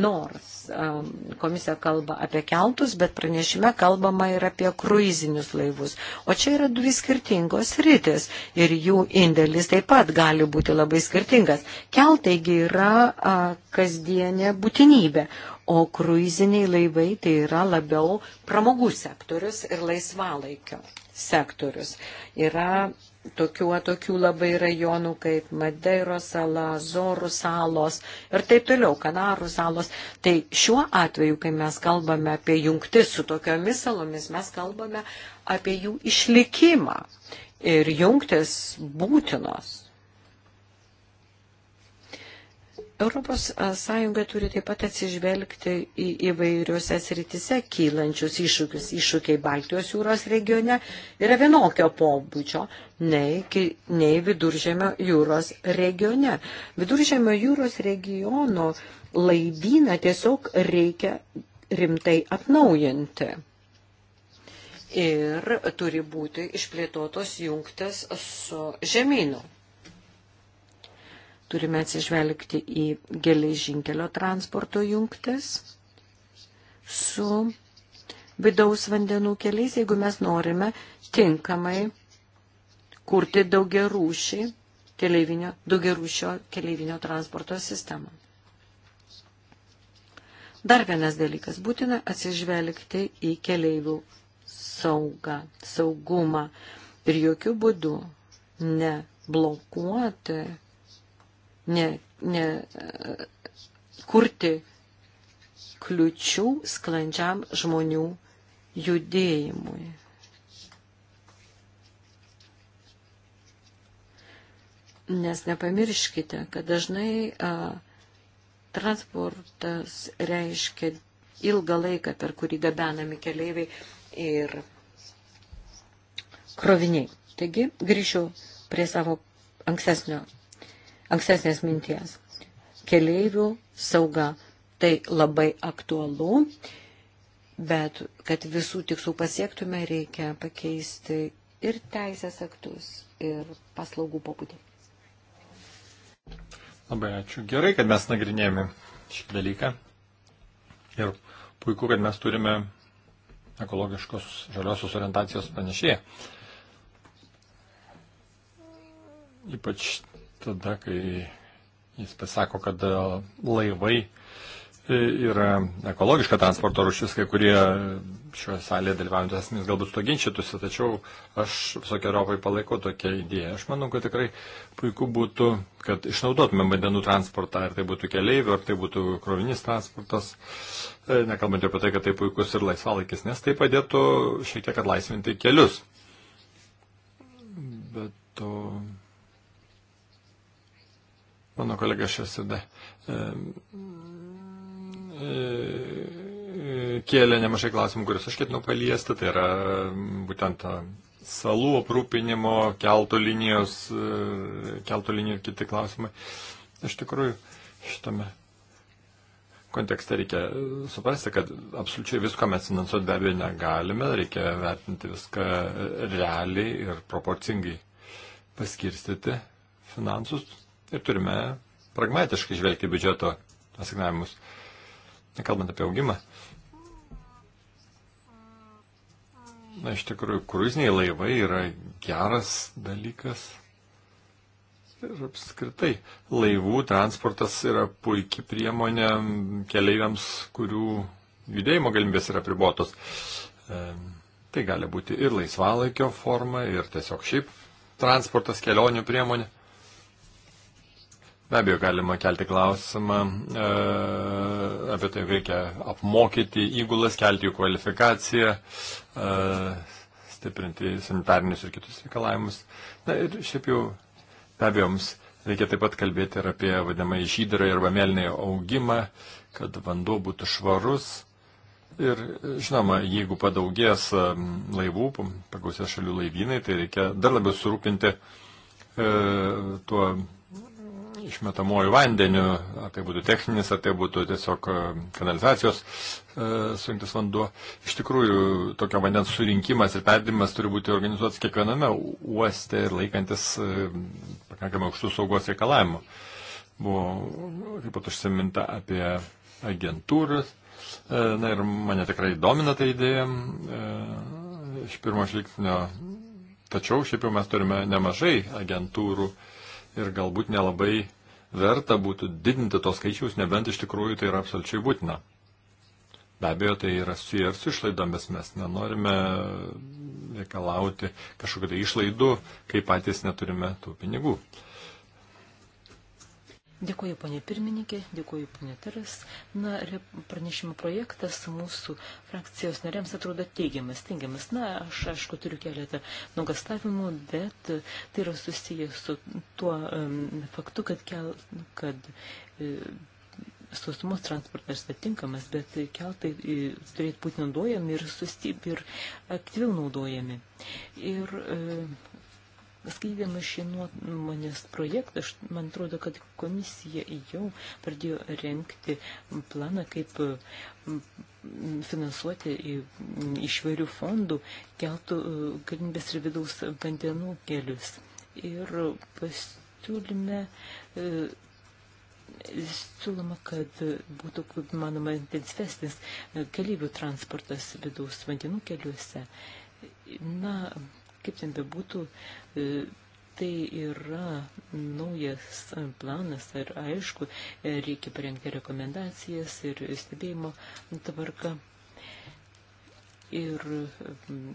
Nors um, komisija kalba apie keltus, bet pranešime kalbama ir apie kruizinius laivus. O čia yra dvi skirtingos rytis ir jų indėlis taip pat gali būti labai skirtingas. Keltaigi yra a, kasdienė būtinybė, o kruiziniai laivai tai yra labiau pramogų sektorius ir laisvalaikio sektorius. Yra tokių atokių labai rajonų kaip Madeiro sala, Zorų salos ir taip toliau, Kanarų salos. Tai šiuo atveju, kai mes kalbame apie jungtis su tokiomis salomis, mes kalbame apie jų išlikimą. Ir jungtis būtinos. Europos Sąjunga turi taip pat atsižvelgti į įvairiuose sritise kylančius iššūkius. Iššūkiai Baltijos jūros regione yra vienokio pobūdžio nei, nei Viduržėmio jūros regione. Viduržėmio jūros regiono laivyną tiesiog reikia rimtai atnaujinti. Ir turi būti išplėtotos jungtis su žemynu. Turime atsižvelgti į geležinkelio transporto jungtis su vidaus vandenų keliais, jeigu mes norime tinkamai kurti daugiarūšį keleivinio, daugiarūšio keleivinio transporto sistemą. Dar vienas dalykas – būtina atsižvelgti į keleivių saugą, saugumą ir jokių būdų neblokuoti ne, ne kurti kliučių sklandžiam žmonių judėjimui. Nes nepamirškite, kad dažnai a, transportas reiškia ilgą laiką, per kurį gabenami keleiviai ir kroviniai. Taigi grįšiu prie savo ankstesnio ankstesnės minties. Keleivių sauga tai labai aktualu, bet kad visų tikslų pasiektume, reikia pakeisti ir teisės aktus, ir paslaugų pobūdį. Labai ačiū. Gerai, kad mes nagrinėjame šį dalyką. Ir puiku, kad mes turime ekologiškos žaliosios orientacijos pranešėją. Ypač tada, kai jis pasako, kad e, laivai e, yra ekologiška transporto rušis, kai kurie e, šioje salėje dalyvaujantys asmenys galbūt to ginčytųsi, tačiau aš visokiojopai palaikau tokią idėją. Aš manau, kad tikrai puiku būtų, kad išnaudotume vandenų transportą, ar tai būtų keleivių, ar tai būtų krovinis transportas, nekalbant apie tai, kad tai puikus ir laisvalaikis, nes tai padėtų šiek tiek atlaisvinti kelius. Bet to. Uh mano kolega Šesada e, e, kėlė nemažai klausimų, kuriuos aš ketinau paliesti, tai yra būtent salų aprūpinimo, keltų linijos, e, keltų linijų ir kiti klausimai. Iš tikrųjų, šitame kontekste reikia suprasti, kad absoliučiai visko mes finansuoti be abejo negalime, reikia vertinti viską realiai ir proporcingai paskirstyti finansus, ir turime pragmatiškai žvelgti biudžeto asignavimus, nekalbant apie augimą. Na, iš tikrųjų, kruiziniai laivai yra geras dalykas. Ir apskritai, laivų transportas yra puikia priemonė keleiviams, kurių judėjimo galimybės yra pribotos. E, tai gali būti ir laisvalaikio forma, ir tiesiog šiaip transportas kelionių priemonė. Be abejo, galima kelti klausimą e, apie tai, reikia apmokyti įgulas, kelti jų kvalifikaciją, e, stiprinti sanitarinius ir kitus reikalavimus. Na ir šiaip jau, be abejo, mums reikia taip pat kalbėti ir apie vadinamąjį žydrą arba mėlynąjį augimą, kad vanduo būtų švarus. Ir žinoma, jeigu padaugės e, laivų, pagausės šalių laivynai, tai reikia dar labiau surūpinti e, tuo išmetamuoju vandeniu, ar tai būtų techninis, ar tai būtų tiesiog e, kanalizacijos e, surinktas vanduo. Iš tikrųjų, tokio vandens surinkimas ir perdimas turi būti organizuotas kiekviename uoste ir laikantis e, pakankamai aukštų saugos reikalavimų. Buvo taip pat užsiminta apie agentūras. Na ir mane tikrai domina ta idėja iš pirmo žvilgsnio. Tačiau šiaip jau mes turime nemažai agentūrų ir galbūt nelabai verta būtų didinti tos skaičiaus, nebent iš tikrųjų tai yra absoliučiai būtina. Be abejo, tai yra su ir su išlaidomis, mes nenorime reikalauti kažkokio tai išlaidų, kai patys neturime tų pinigų. Uh, Dėkuoju, ponė pirmininkė, dėkuoju, ponė Teras. Na, pranešimo projektas mūsų frakcijos nariams atrodo teigiamas, teigiamas. Na, aš, aišku, turiu keletą nuogastavimų, bet tai yra susijęs su tuo um, faktu, kad, kel, kad e, sausumos transportas atitinkamas, bet keltai e, turėtų būti naudojami ir, sustyb, ir aktyviau naudojami. Ir e, Skaitydama šį nuomonės projektą, aš, man atrodo, kad komisija jau pradėjo renkti planą, kaip finansuoti išvarių fondų keltų e, galimybės ir vidaus vandenų kelius. Ir pasiūlyme e, siūloma, kad būtų, kaip manoma, intensyvesnis e, keliaivių transportas vidaus vandenų keliuose. Na, Kaip ten bebūtų, e, tai yra naujas planas ir aišku, e, reikia parengti rekomendacijas ir stebėjimo tvarką. Ir mm,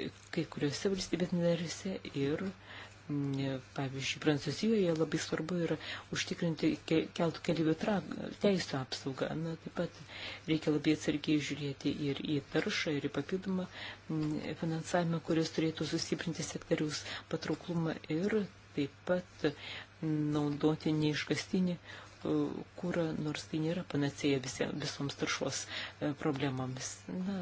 e, kai kuriuose valstybės narėse ir uh, Pavyzdžiui, Prancūzijoje labai svarbu yra užtikrinti keltų keliaivių teisų apsaugą. Na, taip pat reikia labai atsargiai žiūrėti ir į taršą, ir į papildomą finansavimą, kuris turėtų sustiprinti sektoriaus patrauklumą ir taip pat naudoti neiškastinį e, kūrą, nors tai nėra panacėja visoms taršos e, problemams. Na,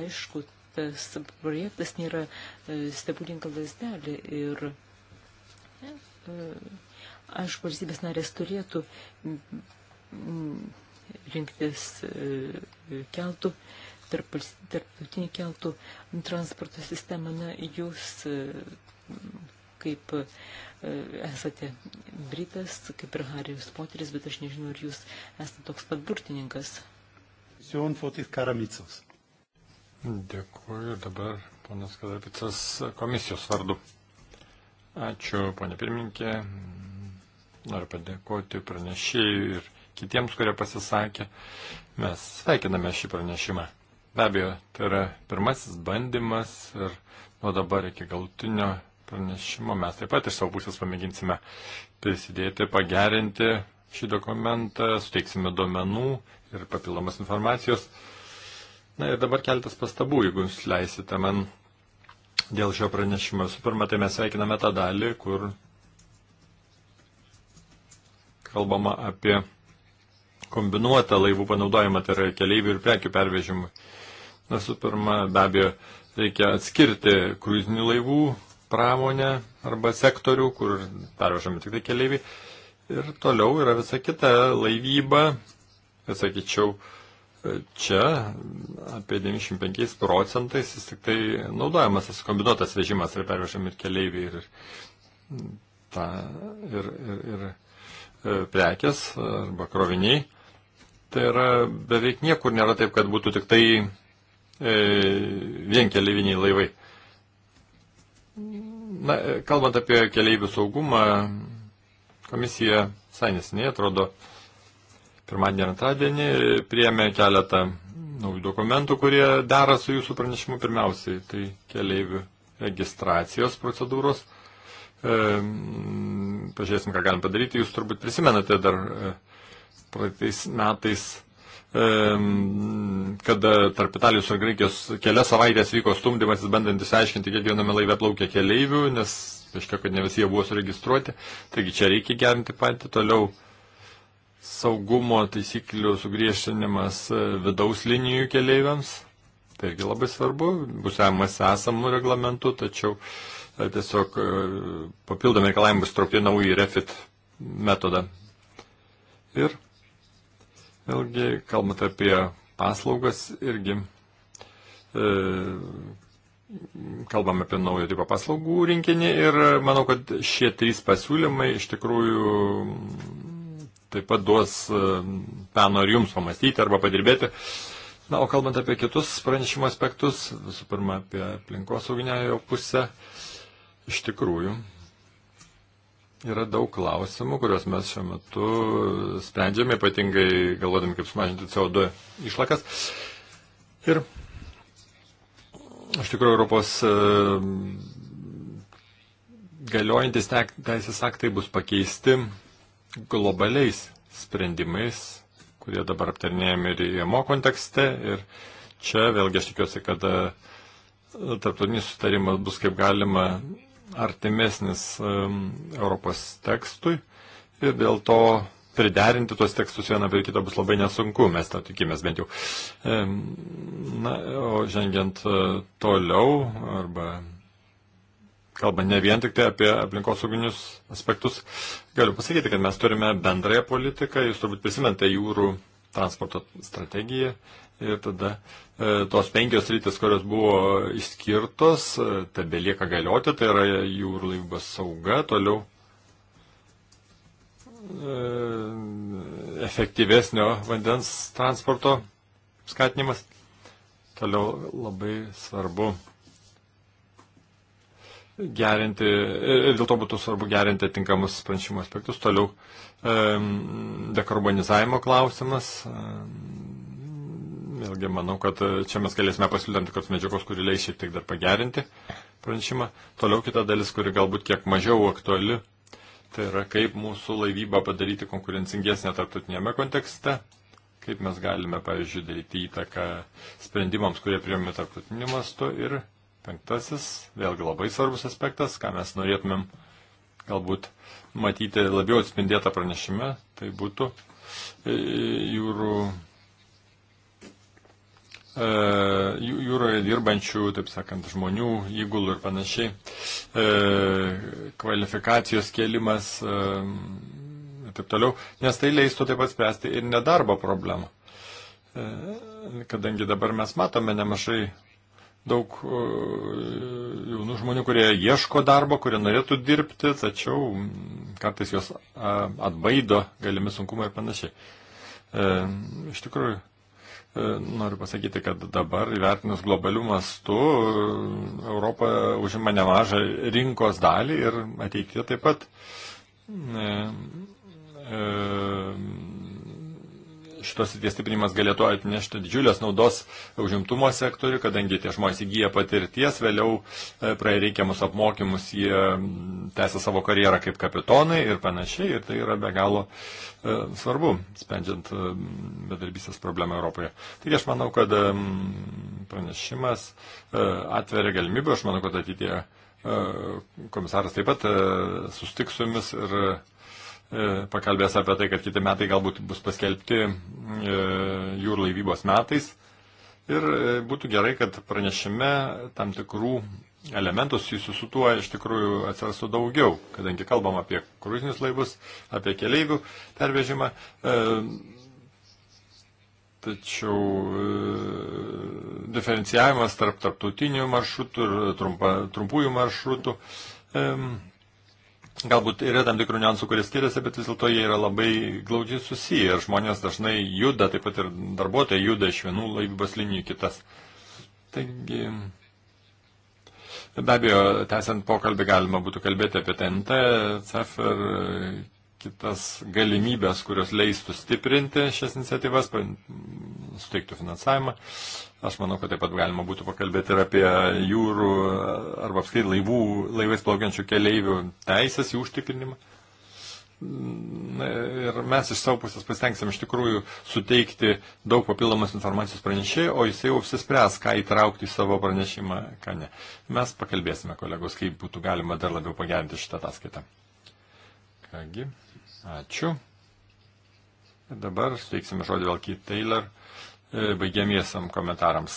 aišku, tas projektas nėra e, stebuklinga lasdelė ir e, aišku, valstybės narės turėtų rinktis e, keltų, tarp, tarptautinį keltų transporto sistemą, na, jūs kaip esate Britas, kaip ir Harijus Poteris, bet aš nežinau, ar jūs esate toks pat burtininkas. Karamicos. Dėkuoju dabar ponas Kadapicas komisijos vardu. Ačiū, ponė pirmininkė. Noriu padėkoti pranešėjui ir kitiems, kurie pasisakė. Mes sveikiname šį pranešimą. Be abejo, tai yra pirmasis bandymas ir nuo dabar iki galutinio pranešimo mes taip pat iš savo pusės pamėginsime prisidėti, pagerinti šį dokumentą, suteiksime duomenų ir papildomas informacijos. Na ir dabar keltas pastabų, jeigu jūs leisite man dėl šio pranešimo. Su pirma, tai mes sveikiname tą dalį, kur kalbama apie kombinuotą laivų panaudojimą, tai yra keleivių ir prekių pervežimui. Na, su pirma, be abejo, reikia atskirti kruizinių laivų pramonę arba sektorių, kur pervežami tik tai keleiviai. Ir toliau yra visa kita laivyba, sakyčiau, Čia apie 95 procentais jis tik tai naudojamas tas kombinuotas vežimas ir pervežami ir keleiviai ir, ta, ir, ir, ir e, prekes arba kroviniai. Tai yra beveik niekur nėra taip, kad būtų tik tai e, vien keleiviniai laivai. Na, e, kalbant apie keleivių saugumą, komisija, sanės, neatrodo, atrodo, pirmadienį ir antradienį priėmė keletą naujų dokumentų, kurie dera su jūsų pranešimu pirmiausiai. Tai keleivių registracijos procedūros. E, pažiūrėsim, ką galim padaryti. Jūs turbūt prisimenate dar e, praeitais metais e, kada tarp Italijos ir Graikijos kelias savaitės vyko stumdymasis, bandant įsiaiškinti, kiek viename laive plaukia keleivių, nes aiškiai, kad ne visi jie buvo suregistruoti. Taigi čia reikia gerinti patį. Toliau saugumo taisyklių sugriežtinimas e, vidaus linijų keleiviams. Tai irgi labai svarbu, bus remiamas esamų reglamentų, tačiau e, tiesiog e, papildomi reikalavimai bus traukti naują refit metodą. Ir vėlgi, kalbant apie paslaugas, irgi e, kalbam apie naujo tipo paslaugų rinkinį ir manau, kad šie trys pasiūlymai iš tikrųjų taip pat duos peno ir jums pamastyti arba padirbėti. Na, o kalbant apie kitus pranešimo aspektus, visų pirma, apie aplinkosauginę jo pusę, iš tikrųjų, yra daug klausimų, kuriuos mes šiuo metu sprendžiame, ypatingai galvodami, kaip sumažinti CO2 išlakas. Ir iš tikrųjų Europos e, galiojantis teisės aktai bus pakeisti globaliais sprendimais, kurie dabar aptarnėjami ir įmo kontekste. Ir čia vėlgi aš tikiuosi, kad e, tarptautinis sutarimas bus kaip galima artimesnis um, Europos tekstui. Ir dėl to priderinti tuos tekstus vieną prie kitą bus labai nesunku, mes tą tikimės bent jau. Na, o žengiant e, toliau arba kalba ne vien tik tai apie aplinkosauginius aspektus. Galiu pasakyti, kad mes turime bendrąją politiką, jūs turbūt prisimenate jūrų transporto strategiją ir tada e, tos penkios rytis, kurios buvo išskirtos, e, tebe lieka galioti, tai yra jūrų laivybos sauga, toliau e, efektyvesnio vandens transporto skatinimas, toliau labai svarbu gerinti, dėl to būtų svarbu gerinti tinkamus pranešimo aspektus. Toliau dekarbonizavimo klausimas. Vėlgi manau, kad čia mes galėsime pasiūlyti tam tikros medžiagos, kuri leis šiek tiek dar pagerinti pranešimą. Toliau kita dalis, kuri galbūt kiek mažiau aktuali, tai yra kaip mūsų laivybą padaryti konkurencingesnę tarptautinėme kontekste, kaip mes galime, pavyzdžiui, daryti įtaką sprendimams, kurie priėmė tarptautiniu mastu ir Penktasis, vėlgi labai svarbus aspektas, ką mes norėtumėm galbūt matyti labiau atspindėtą pranešime, tai būtų e, jūrų, e, jūroje dirbančių, taip sakant, žmonių, įgulų ir panašiai, e, kvalifikacijos kėlimas ir taip toliau, nes tai leistų taip pat spręsti ir nedarbo problemą. Kadangi dabar mes matome nemažai daug e, jaunų žmonių, kurie ieško darbo, kurie norėtų dirbti, tačiau kartais juos atbaido galimi sunkumai ir panašiai. E, iš tikrųjų, e, noriu pasakyti, kad dabar įvertinus globalių mastų, Europa užima nemažą rinkos dalį ir ateityje taip pat. E, e, šitos įties stiprinimas galėtų atnešti didžiulės naudos užimtumo sektoriu, kadangi tie žmonės įgyja patirties, vėliau e, praėjo reikiamus apmokymus, jie tęsia savo karjerą kaip kapitonai ir panašiai, ir tai yra be galo e, svarbu, sprendžiant e, bedarbysės problemą Europoje. Taigi aš manau, kad pranešimas atveria galimybę, aš manau, kad ateitie komisaras taip pat susitiks su jumis ir E, pakalbės apie tai, kad kiti metai galbūt bus paskelbti e, jūrų laivybos metais. Ir e, būtų gerai, kad pranešime tam tikrų elementų susijusių su tuo iš tikrųjų atsirastų daugiau, kadangi kalbam apie kruizinius laivus, apie keleivių pervežimą. Tačiau diferencijavimas tarp tarptautinių maršrutų ir trumpa, trumpųjų maršrutų Galbūt yra tam tikrų niuansų, kurie skiriasi, bet vis dėlto jie yra labai glaudžiai susiję ir žmonės dažnai juda, taip pat ir darbuotojai juda iš vienų laivybos linijų kitas. Taigi, be abejo, tęsiant pokalbį galima būtų kalbėti apie TNT, CEF ir kitas galimybės, kurios leistų stiprinti šias iniciatyvas, suteiktų finansavimą. Aš manau, kad taip pat galima būtų pakalbėti ir apie jūrų arba apskritai laivų, laivais plaukiančių keleivių teisės į užtikrinimą. Ir mes iš savo pusės pasitengsim iš tikrųjų suteikti daug papildomas informacijos pranešėjai, o jisai jau apsispręs, ką įtraukti į savo pranešimą, ką ne. Mes pakalbėsime, kolegos, kaip būtų galima dar labiau pagerinti šitą ataskaitą. Kągi, Ačiū. Ir dabar steiksime žodį vėl Keith Taylor e, baigiamiesiam komentarams.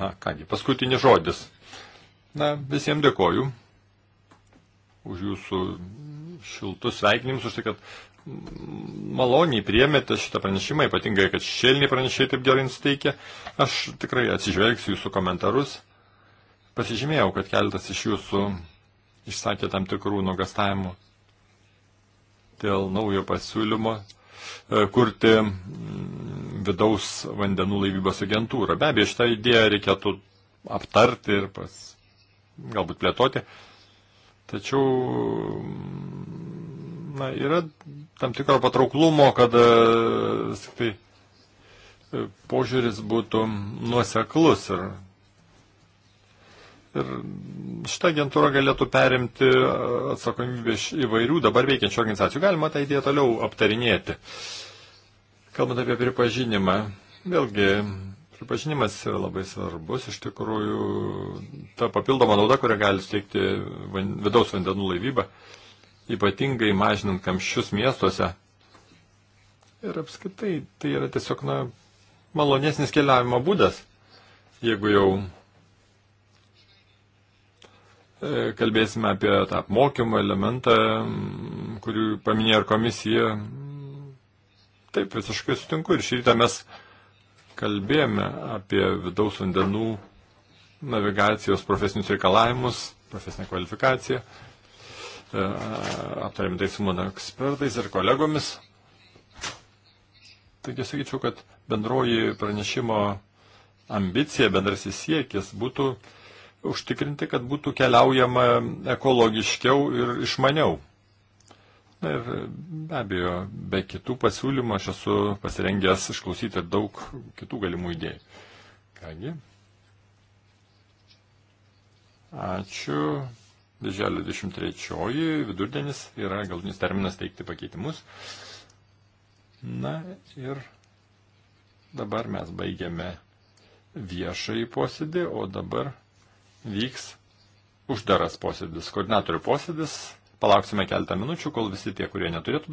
A, kągi, paskutinis žodis. Na, visiems dėkoju už jūsų šiltus sveikinimus, už tai, kad maloniai priemėte šitą pranešimą, ypatingai, kad šelniai pranešiai taip gerai nusiteikė. Aš tikrai atsižvelgsiu jūsų komentarus. Pasižymėjau, kad keletas iš jūsų išsakė tam tikrų nuogastavimų dėl naujo pasiūlymo e, kurti vidaus vandenų laivybos agentūrą. Be abejo, šitą idėją reikėtų aptarti ir pas, galbūt plėtoti. Tačiau na, yra tam tikro patrauklumo, kad e, tai, e, požiūris būtų nuoseklus ir Ir šitą agentūrą galėtų perimti e, atsakomybę iš įvairių dabar veikiančių organizacijų. Galima tą idėją toliau aptarinėti. Kalbant apie pripažinimą, vėlgi pripažinimas yra labai svarbus. Iš tikrųjų, ta papildoma nauda, kurią gali steigti van, vidaus vandenų laivyba, ypatingai mažinant kamščius miestuose. Ir apskritai, tai yra tiesiog na, malonesnis keliavimo būdas, jeigu jau E, kalbėsime apie tą apmokymo elementą, kurį paminėjo ir komisija. Taip, visiškai sutinku. Ir šį rytą mes kalbėjome apie vidaus vandenų navigacijos profesinius reikalavimus, profesinę kvalifikaciją. E, aptarėme tai su mano ekspertais ir kolegomis. Taigi sakyčiau, kad bendroji pranešimo ambicija, bendrasis siekis būtų uh, užtikrinti, kad būtų keliaujama ekologiškiau ir išmaniau. Na ir be abejo, be kitų pasiūlymų aš esu pasirengęs išklausyti ir daug kitų galimų idėjų. Kągi. Ačiū. Birželio 23 vidurdienis yra galutinis terminas teikti pakeitimus. Na ir dabar mes baigiame viešai posėdį, o dabar vyks uždaras posėdis, koordinatorių posėdis. Palauksime keltą minučių, kol visi tie, kurie neturėtų